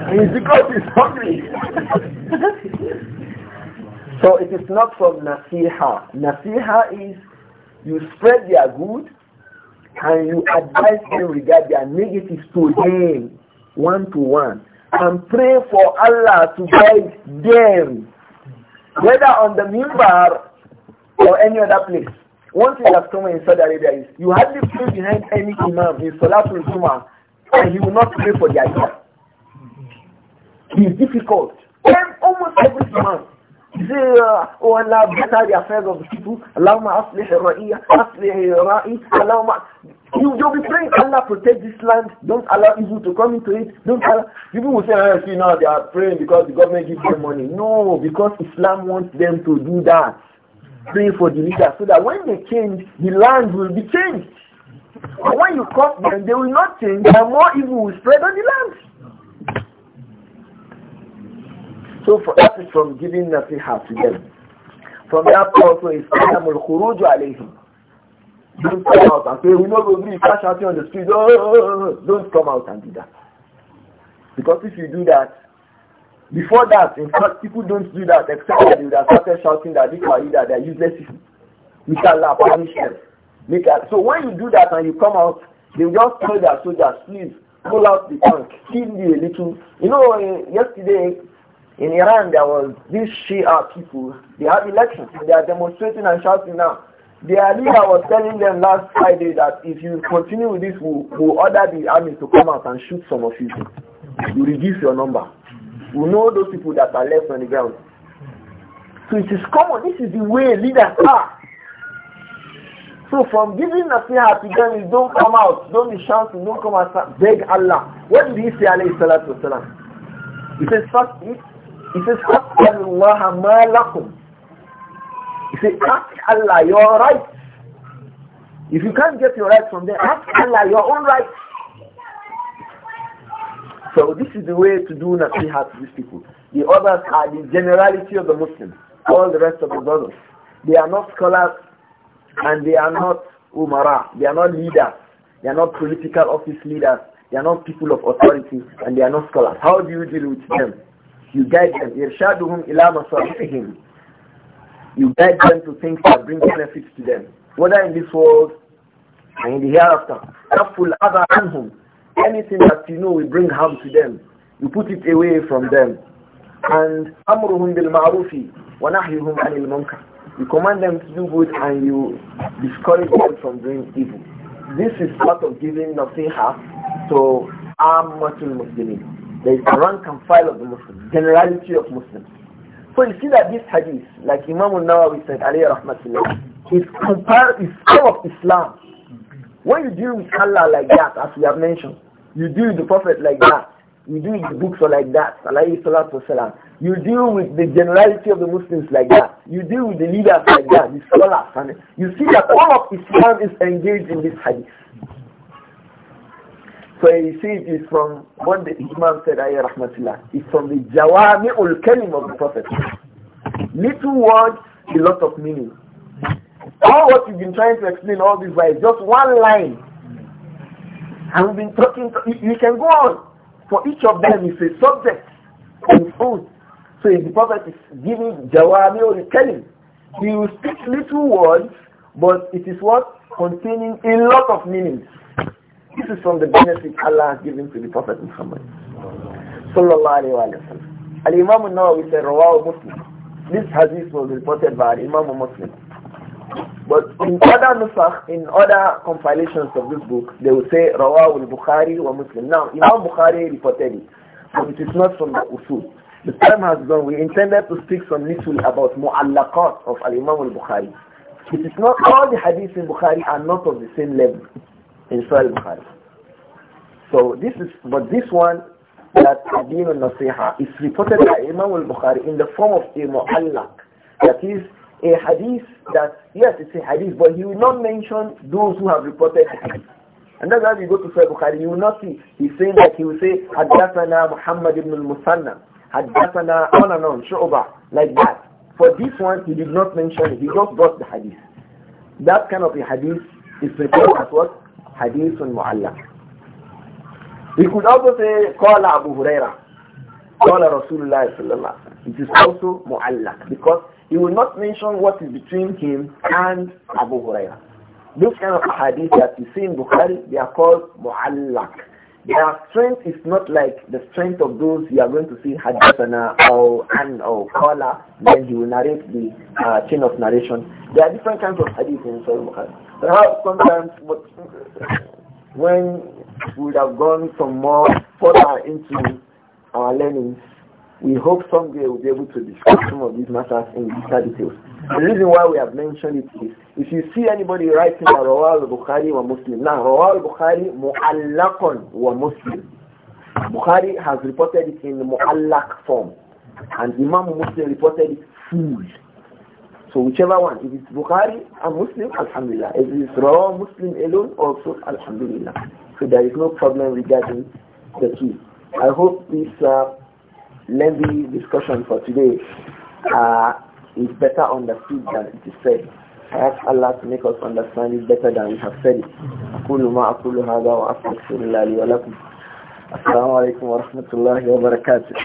it's because it's hungry. so it is not from nasiha. Nasiha is you spread their good and you advise them regarding their negatives to them one to one and pray for Allah to guide them whether on the mimbar or any other place. One thing that's common in Saudi Arabia is you hardly pray behind any imam in Salatul Juma and he will not pray for the idea. It is difficult. And almost every imam you say, uh, oh Allah, better the affairs of the people. Allahumma aslih ra'iya, aslih ra'i, Allahumma. You, you'll be praying, Allah protect this land. Don't allow evil to come into it. Don't allow. People will say, I ah, see now they are praying because the government gives them money. No, because Islam wants them to do that. Pray for the leader so that when they change, the land will be changed. But when you cut them, they will not change and more evil will spread on the land. So for, that is from giving nasiha to them. From that also is Qadamul Khuruj alayhim. Don't come out and say, we know we will be out on the street. Oh, Don't come out and do that. Because if you do that, before that, in fact, people don't do that except that they would have started shouting that this are either they're useless people. We shall laugh, punish them. Make a, so when you do that and you come out, they will just tell their soldiers, please, pull out the tank, kill me a little. You know, uh, yesterday, in Iran, there was these Shia people. They had elections. They are demonstrating and shouting now. Their leader was telling them last Friday that if you continue with this, we'll, we'll order the army to come out and shoot some of you. You reduce your number. We know those people that are left on the ground. So it is common. This is the way leaders are. So from giving nothing, to them you don't come out, don't be shouting, don't come out, beg Allah. What did he say alayhi salatu wasalam? He says, he says, Allah ma lakum. He says, ask Allah your rights. If you can't get your rights from there, ask Allah your own rights. So this is the way to do nasiha to these people. The others are the generality of the Muslims, all the rest of the brothers. They are not scholars and they are not umara. They are not leaders. They are not political office leaders. They are not people of authority and they are not scholars. How do you deal with them? You guide them. Irshaduhum ila masalihim. You guide them to things that bring benefits to them, whether in this world and in the hereafter. Kaful other anhum. Anything that you know will bring harm to them, you put it away from them. And amruhum bil ma'rufi wa nahyuhum anil munkar. You command them to do good and you discourage them from doing evil. This is part of giving nasiha to Ammatul Muslimin. There is the rank and file of the Muslims, generality of Muslims. So you see that this hadith, like Imam al-Nawawi said, alayhi rahmatullah, is, compar- is core of Islam. When you deal with Allah like that, as we have mentioned, you deal with the Prophet like that, you deal with the books like that, alayhi salatu wasalam, you deal with the generality of the Muslims like that, you deal with the leaders like that, the scholars, and you see that all of Islam is engaged in this hadith. So he see, it is from what the Imam said, Ayah Rahmatullah. It's from the ul Kalim of the Prophet. Little words, a lot of meaning. All what you've been trying to explain all this by just one line. And we've been talking, to, you can go on. For each of them is a subject and food. So if the Prophet is giving ul Kalim, he will speak little words, but it is what? Containing a lot of meanings. This is from the benefit Allah has given to the Prophet Muhammad. Sallallahu alayhi wa Al-Imam al-Nawawi said, Rawahu Muslim. This hadith was reported by Imam Muslim. But in other nusakh, in other compilations of this book, they will say Rawahu al-Bukhari wa Muslim. Now, Imam Bukhari reported it, but it is not from the usul. The time has gone. We intended to speak some little about mu'allaqat of Al-Imam al-Bukhari. It is not all the hadiths in Bukhari are not of the same level in Sahih Bukhari. So this is, but this one that Adin al-Nasiha is reported by Imam al-Bukhari in the form of a mu'allaq. That is a hadith that, yes, it's a hadith, but he will not mention those who have reported hadith. And that's why you go to Sahih Bukhari, you will not see, he's saying that he will say, Haddathana Muhammad ibn al-Musanna, Haddathana on and on, Shu'ba, like that. For this one, he did not mention it, he just brought the hadith. That kind of a hadith is reported as what? hadith mu'allaq. We could also say call Abu Huraira, call Rasulullah sallallahu It is also mu'allaq because he will not mention what is between him and Abu Huraira. This kind of hadith that you see in Bukhari, they are called mu'allaq. Their strength is not like the strength of those you are going to see Hadassana or An or Kala, then he will narrate the uh, chain of narration. There are different kinds of hadith in Sahih Bukhari. Perhaps sometimes but when we would have gone some more further into our learnings, we hope someday we'll be able to discuss some of these matters in greater details. The reason why we have mentioned it is, if you see anybody writing that Rawal al-Bukhari wa Muslim, now Rawal al-Bukhari mu'allakun wa Muslim. Bukhari has reported it in the mu'allak form, and Imam Muslim reported it full. So whichever one, if it's Bukhari a Muslim, Alhamdulillah. If it's Rawal Muslim alone, also Alhamdulillah. So there is no problem regarding the key. I hope this uh, lengthy discussion for today uh, is better understood than it is said. I ask Allah to make us understand it better than we have said it. أقول ما أقول هذا وأستغفر الله لي ولكم السلام عليكم ورحمة الله وبركاته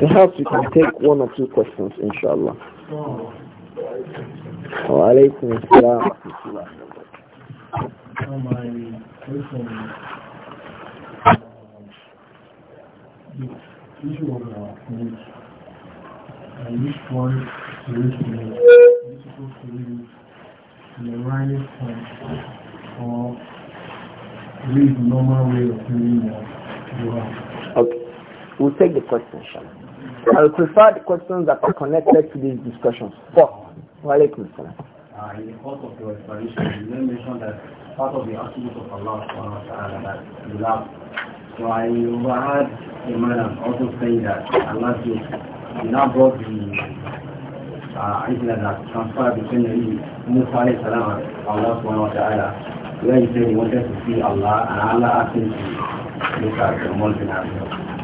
Perhaps we can take one or two questions, inshallah. وعليكم السلام ورحمة الله. issue which to in the right or read the normal way of doing that Okay. We'll take the question, shall we? I will prefer the questions that are connected to these discussions. Four. Wa alaikum salam. Uh, in the course of your explanation, you then mentioned that part of the attributes of Allah subhanahu wa ta'ala that you love. So I Imam also saying that Allah says, he now brought the uh, incident that transferred between the Musa alayhi salam and Allah subhanahu wa ta'ala, where he said he wanted to see Allah and Allah asked him to look at the mountain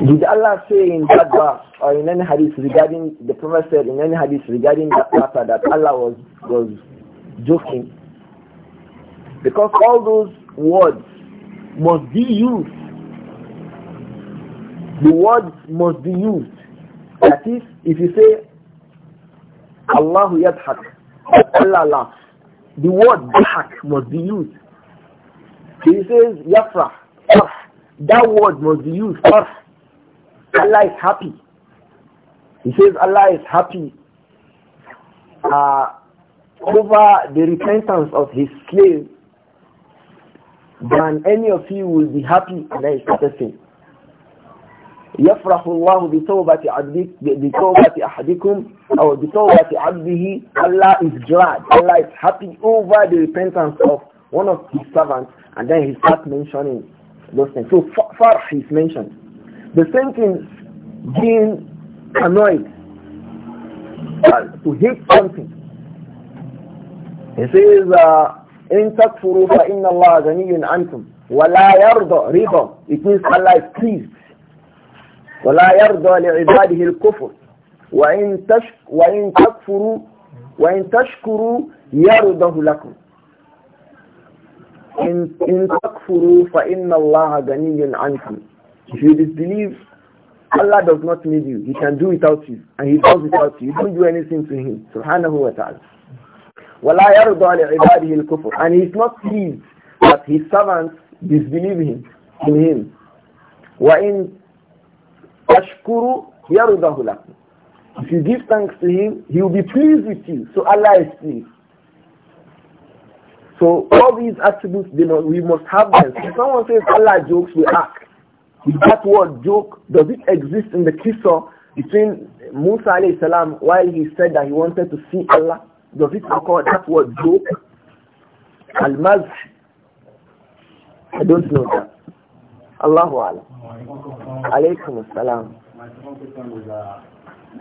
did Allah say in that verse or in any hadith regarding the Prophet said in any hadith regarding that matter that Allah was was joking? Because all those words must be used the words must be used. That is, if you say Allahu yadhak, Allah laughs, the word dhak must be used. So he says yafrah, that word must be used, farh. Allah is happy. He says Allah is happy uh, over the repentance of his slave than any of you will be happy and that is satisfied. يفرح الله بتوبة عبدك بتوبة أحدكم أو بتوبة عبده Allah is glad Allah is happy over the repentance of one of his servants and then he starts mentioning those things so far, He's mentioned the same thing being annoyed uh, to hate something he says uh, إن تكفروا فإن الله غني عنكم ولا يرضى رضا it means Allah is pleased ولا يرضى لعباده الكفر وإن, تشك وإن تكفروا وإن تشكروا يرضه لكم إن, إن تكفروا فإن الله غني عنكم If you disbelieve, Allah does not need you. He can do without you. And He does without you. You don't do anything to Him. Subhanahu wa ta'ala. وَلَا يَرْضَى لِعِبَادِهِ الْكُفْرِ And He is not pleased that His servants disbelieve Him, in Him. وَإِن Ashkuru yarudahu lakum. If you give thanks to him, he will be pleased with you. So Allah is pleased. So all these attributes, must, we must have them. If someone says Allah jokes, we ask. Is that word joke, does it exist in the Kisah between Musa alayhi salam while he said that he wanted to see Allah? Does it occur that word joke? Al-Mazh? I don't know that. Allahu Alam. Alaykum Assalam. My question is, uh,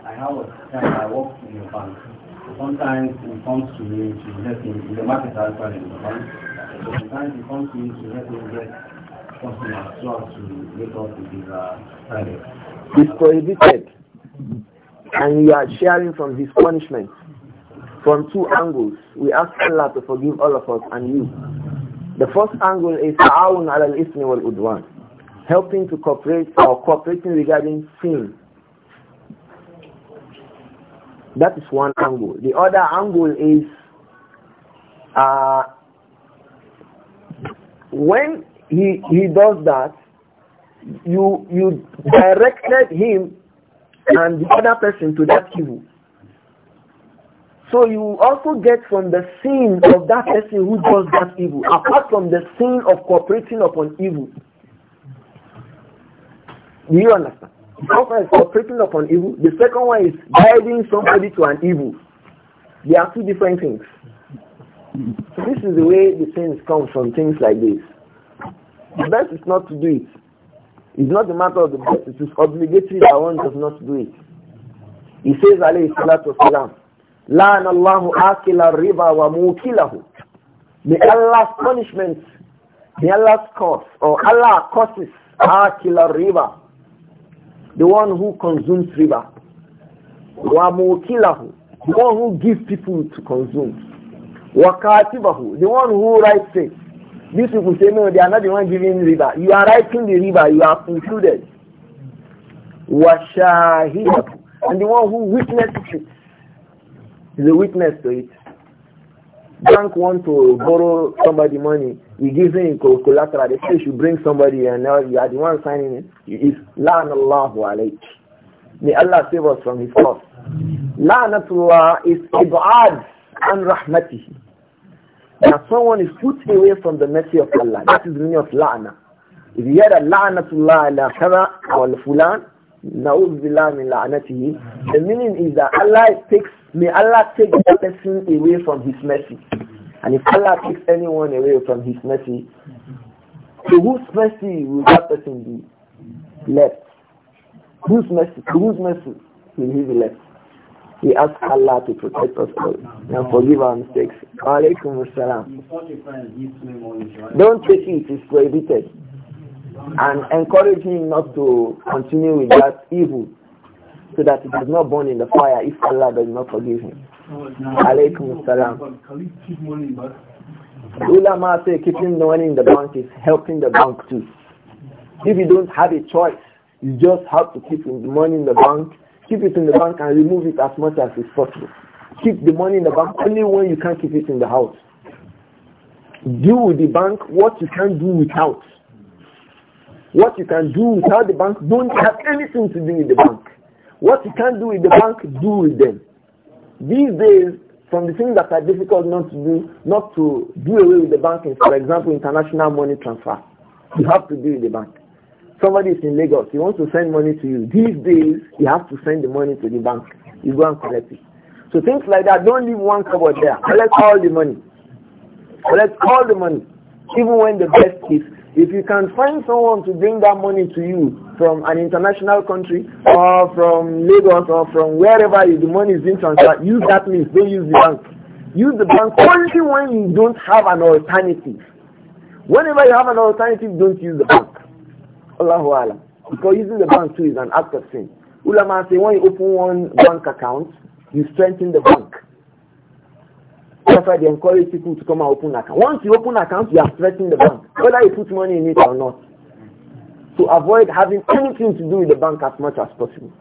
I have a friend, I work in a bank. Sometimes he comes to me to help me, in the market I find in the bank. So sometimes he comes to me to help get customers so as to up with his uh, target. He's prohibited. And we are sharing from his punishment from two angles. We ask Allah to forgive all of us and you. The first angle is ta'awun al-ismi wal-udwan helping to cooperate or cooperating regarding sin. That is one angle. The other angle is uh, when he he does that, you you directed him and the other person to that evil. So you also get from the sin of that person who does that evil, apart from the sin of cooperating upon evil. Do you understand? The first is operating upon evil. The second one is guiding somebody to an evil. They are two different things. So this is the way the things come from things like this. The best is not to do it. It's not a matter of the best. It is obligatory that one does not do it. He says, alayhi salatu wasalam, لَعَنَ اللَّهُ آكِلَ الرِّبَى وَمُوكِلَهُ May Allah's punishment, may Allah's curse, or Allah curses آكِلَ الرِّبَى the one who consumes river. Wamukilahu, the one who gives people to consume. Wakatibahu, the one who writes it. These people say, no, they are not the one giving river. You are writing the river. you are included. Washahidahu, and the one who witnesses it is a witness to it bank want to borrow somebody money, you give him collateral, they say you should bring somebody and now you are the one signing it. It's La'an Allahu alayk. May Allah save us from his curse. La'anatullah is ib'ad an rahmatihi. Now someone is put away from the mercy of Allah. That is the meaning of la'na. If you hear that la'anatullah ala kara or fulan, Na'ud billah min la'anatihi. The meaning is that Allah takes, may Allah take that person away from his mercy. And if Allah takes anyone away from his mercy, to whose mercy will that person be left? Whose mercy? To whose mercy will he be left? We ask Allah to protect us all and forgive our mistakes. Alaikum assalam. Don't take it, it's prohibited and encourage him not to continue with that evil so that he does not burn in the fire if Allah does not forgive him. Alaykum salam. Ulama say keeping money in the bank is helping the bank too. If you don't have a choice, you just have to keep the money in the bank, keep it in the bank and remove it as much as is possible. Keep the money in the bank only when you can't keep it in the house. Do with the bank what you can do without. What you can do without the bank, don't have anything to do with the bank. What you can do with the bank, do with them. These days, from the things that are difficult not to do, not to do away with the bank is, for example, international money transfer. You have to do with the bank. Somebody is in Lagos, he wants to send money to you. These days, you have to send the money to the bank. You go and collect it. So things like that, don't leave one cupboard there. Collect all the money. Collect all the money. Even when the best is if you can find someone to bring that money to you from an international country or from Lagos or from wherever the money is being transferred, use that means. Don't use the bank. Use the bank only when you don't have an alternative. Whenever you have an alternative, don't use the bank. Allahu Alam. Because using the bank too is an act of sin. Ulama say when you open one bank account, you strengthen the bank why they encourage people to come and open account. Once you open account, you are threatening the bank, whether you put money in it or not. To avoid having anything to do with the bank as much as possible.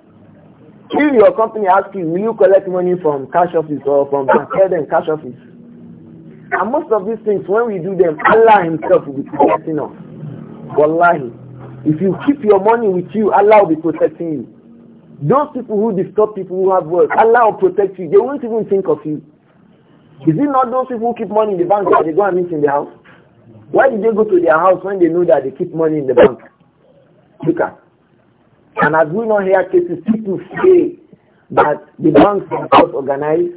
If your company asks you, will you collect money from cash office or from bank, tell them cash office. And most of these things, when we do them, Allah himself will be protecting us. Wallahi. If you keep your money with you, Allah will be protecting you. Those people who disturb people who have work, Allah will protect you. They won't even think of you. Is it not those people who keep money in the bank that they go and meet in the house? Why did they go to their house when they know that they keep money in the bank? Look at. And as we know here cases, people say that the banks themselves organize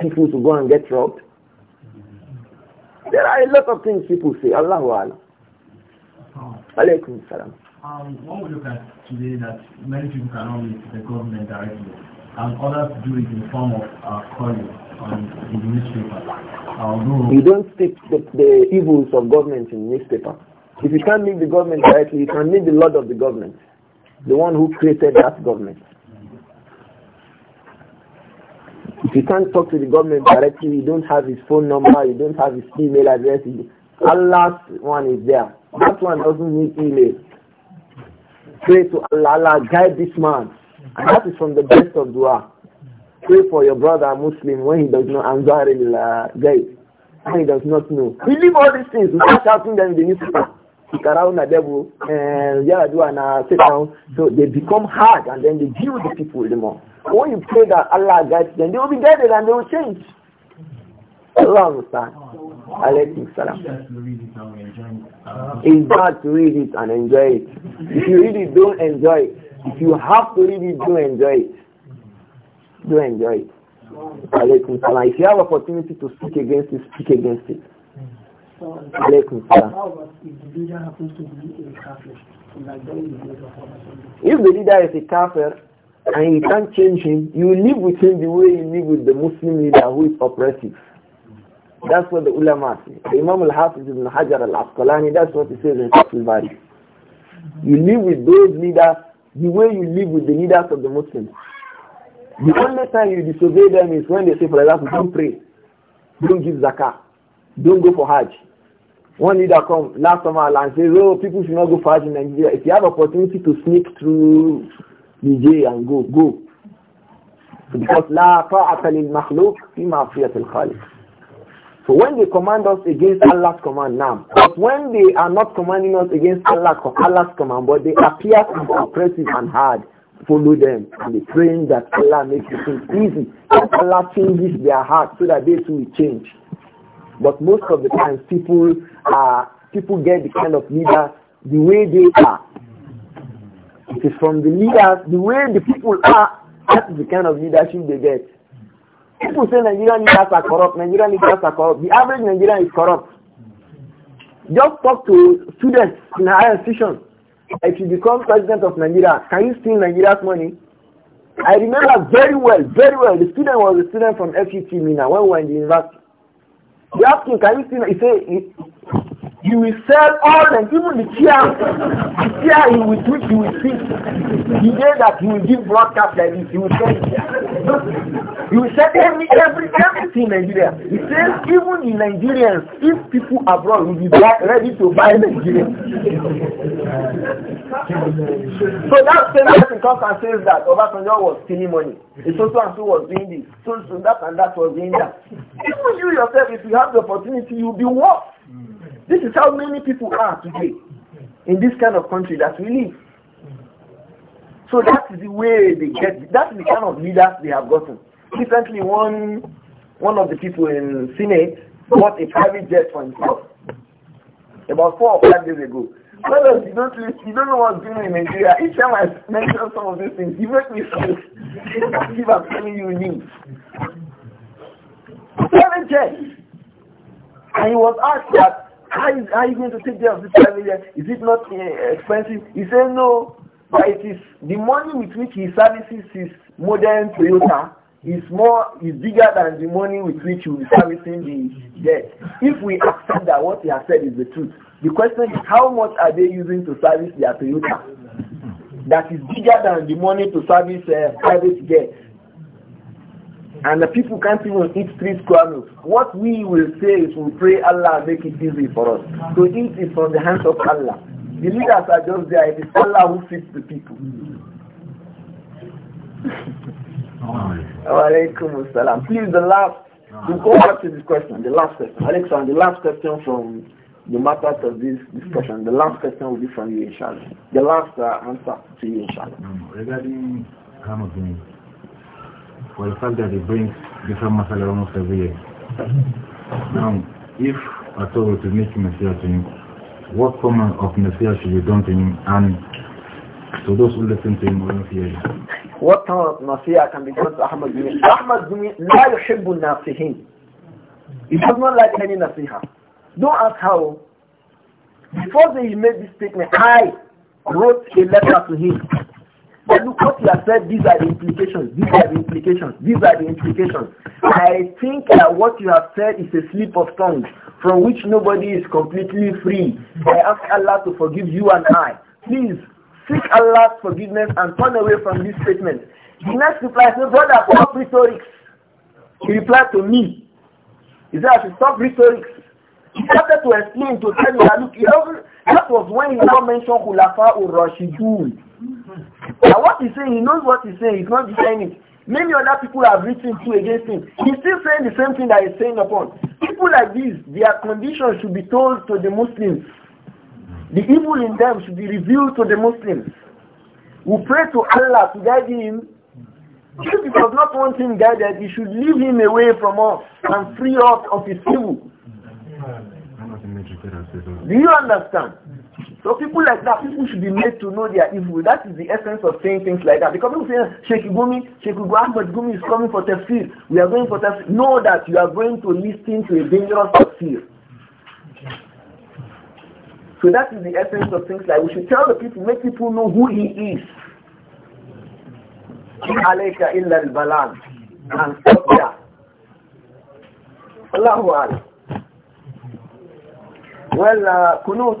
people to go and get robbed. There are a lot of things people say. Allahu Allah. Alaykum salam. Um, one would look at today that many people cannot meet the government directly, and others do it in the form of uh, calling you don't speak the, the evils of government in the newspaper. If you can't meet the government directly, you can meet the Lord of the government, the one who created that government. If you can't talk to the government directly, you don't have his phone number, you don't have his email address. Allah's one is there. That one doesn't need email. Pray to Allah, Allah guide this man. And that is from the best of dua. Pray for your brother Muslim when he does not answer the guide. When he does not know. believe leave all these things without shouting them in the newspaper. Around the devil and yeah, do and sit down. So they become hard and then they deal with the people the more. But when you pray that Allah guides them, they will be guided and they will change. Allah understand. Alaykum salam. It's bad to read it and enjoy it. If you read it, don't enjoy it. If you have to read it, do enjoy it do enjoy it. Alaykum salam. If you have opportunity to speak against it, speak against it. Alaykum salam. If the leader is a kafir and you can't change him, you live with him the way you live with the Muslim leader who is oppressive. That's what the ulama say. The Imam al-Hafiz ibn Hajar al-Asqalani, that's what he says in al Bari. You live with those leaders the way you live with the leaders of the Muslims. The only time you disobey them is when they say, for example, don't pray, don't give zakah, don't go for Hajj. One leader come last summer and says, oh, people should not go for Hajj in Nigeria. If you have opportunity to sneak through DJ and go, go. Because la ta'ata lil makhluk fima fiyatil khaliq. So when they command us against Allah's command now, but when they are not commanding us against Allah's command, but they appear to be oppressive and hard, follow them and be praying that Allah makes the things easy, that Allah changes their heart so that they too will change. But most of the times people are people get the kind of leader the way they are. It is from the leaders, the way the people are, that's the kind of leadership they get. People say Nigerian leaders are corrupt, Nigerian leaders are corrupt. The average Nigerian is corrupt. Just talk to students in higher institutions if you become president of Nigeria, can you steal Nigeria's money? I remember very well, very well, the student was a student from FUT Mina when we were in the university. They asked him, can you steal, he said, you will sell all them, even the chair, the chair in which you will sit. The day that you will give broadcast like this, you will sell it. You will sell every, every, everything in Nigeria. He says even in Nigerians, if people abroad will be ready to buy Nigeria. so that person comes and says that Obasanjo was stealing money. It's also and so was doing this. So, so that and that was doing that. Even you yourself, if you have the opportunity, you'll be worse. This is how many people are today in this kind of country that we live. So that is the way they get, that is the kind of leaders they have gotten. Recently, one, one of the people in Senate bought a private jet for himself about four or five days ago. Brothers, you don't you don't know what's going on in Nigeria. Each time I mention some of these things, you make me sick. As if I'm telling you news. Private jet. And he was asked that how, is, how are you going to take care of this family? Is it not uh, expensive? He said, no. But it is the money with which he services his modern Toyota is more is bigger than the money with which he will servicing the debt. If we accept that what he has said is the truth, the question is how much are they using to service their Toyota? That is bigger than the money to service a uh, eh, private debt and the people can't even eat three square meals. What we will say is we pray Allah make it easy for us. So eat is from the hands of Allah. The leaders are just there. It is Allah who feeds the people. Alaikum assalam. Please the last, we go back to this question, the last question. Alexander, the last question from the matter of this discussion. The last question will be from you, inshallah. The last uh, answer to you, inshallah. Regarding Ramadan, for the fact that he brings different masala almost every year. Now, if at all to make Messiah to him, what form of Messiah should be done to him and to those who listen to him or not hear him? What form of Messiah can be done to Ahmad Zumi? Ahmad Zumi, لا يحب him? He does not like any nasiha. Don't ask how. Before he made this statement, I wrote a letter to him look, what you have said, these are the implications, these are the implications, these are the implications. I think that what you have said is a slip of tongue from which nobody is completely free. I ask Allah to forgive you and I. Please, seek Allah's forgiveness and turn away from this statement. The next reply is, brother, stop rhetorics. He replied to me. He said, I should stop rhetorics. He started to explain to tell me that, look, that was when he now mentioned Khulafa or rashidun and what he's saying, he knows what he's saying. He's not denying it. Many other people have written to against him. He's still saying the same thing that he's saying upon. People like these, their condition should be told to the Muslims. The evil in them should be revealed to the Muslims. We pray to Allah to guide him. If he does not want him guided, he should leave him away from us and free us of his evil. Do you understand? So people like that, people should be made to know their evil. That is the essence of saying things like that. Because people say, Sheikh Gumi, Sheikh Ahmed Gumi is coming for tafsir. We are going for tafsir. Know that you are going to listen to a dangerous tafsir. So that is the essence of things like we should tell the people, make people know who he is. Allahu Akbar. Well, uh, Kunut,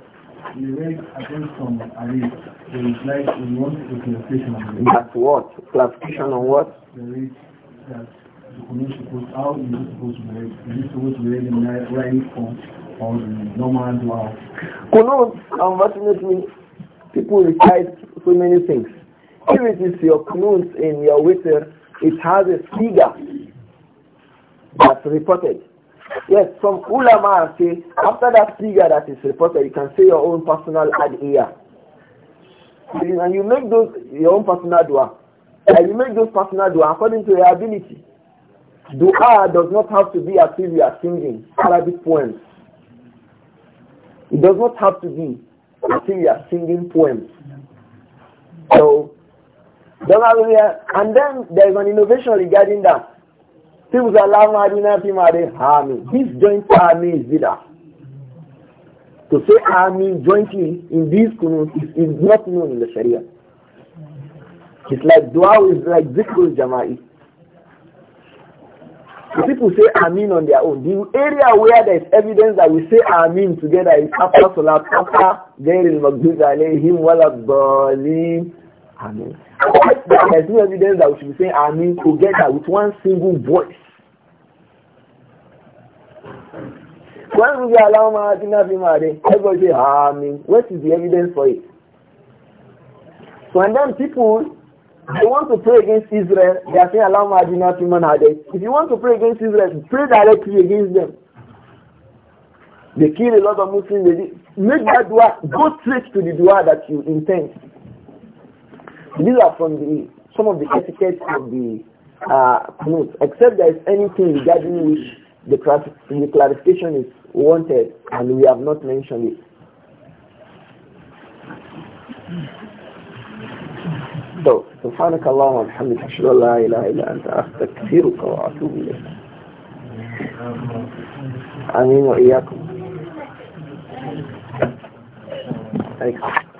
we read against from Ali, there is like we want a clarification on That's what? Clarification on what? The read that the community supposed, how is it supposed to be read? Is it supposed to be read in the right form or the normal dua? Qunut, unfortunately, people recite so many things. If it is your Qunut in your witr, it has a figure that's reported. Yes, some ulama say, after that figure that is reported, you can say your own personal adiyah. And you make those your own personal dua. And you make those personal dua according to your ability. Dua does not have to be as if you are singing Arabic poems. It does not have to be as if you are singing poems. So, don't worry. and then there is an innovation regarding that. People say, Allah Madina fi Amin. This joint Amin is bidah. To say Amin jointly in this kunun is, is not known in the Sharia. It's like dua is like zikrul jama'i. The people say Amin on their own. The area where there is evidence that we say Amin together is after Salat, after Gairil Maghdud alayhim walad Amen. There's no evidence that we should be saying Amen together with one single voice. When we allow Mahatina Bimade, everybody say Amen. What is the evidence for it? So and then people they want to pray against Israel, they are saying "Allow Mahadina Timan Hade. If you want to pray against Israel, pray directly against them. They kill a lot of Muslims, they make that dua, go straight to the dua that you intend. These are from the some of the etiquettes of the uh, except there is anything regarding which the, the clarification is wanted and we have not mentioned it. So, سبحانك اللهم وبحمدك أشهد أن لا إله إلا أنت أستغفرك وأتوب إليك. آمين وإياكم. Thanks.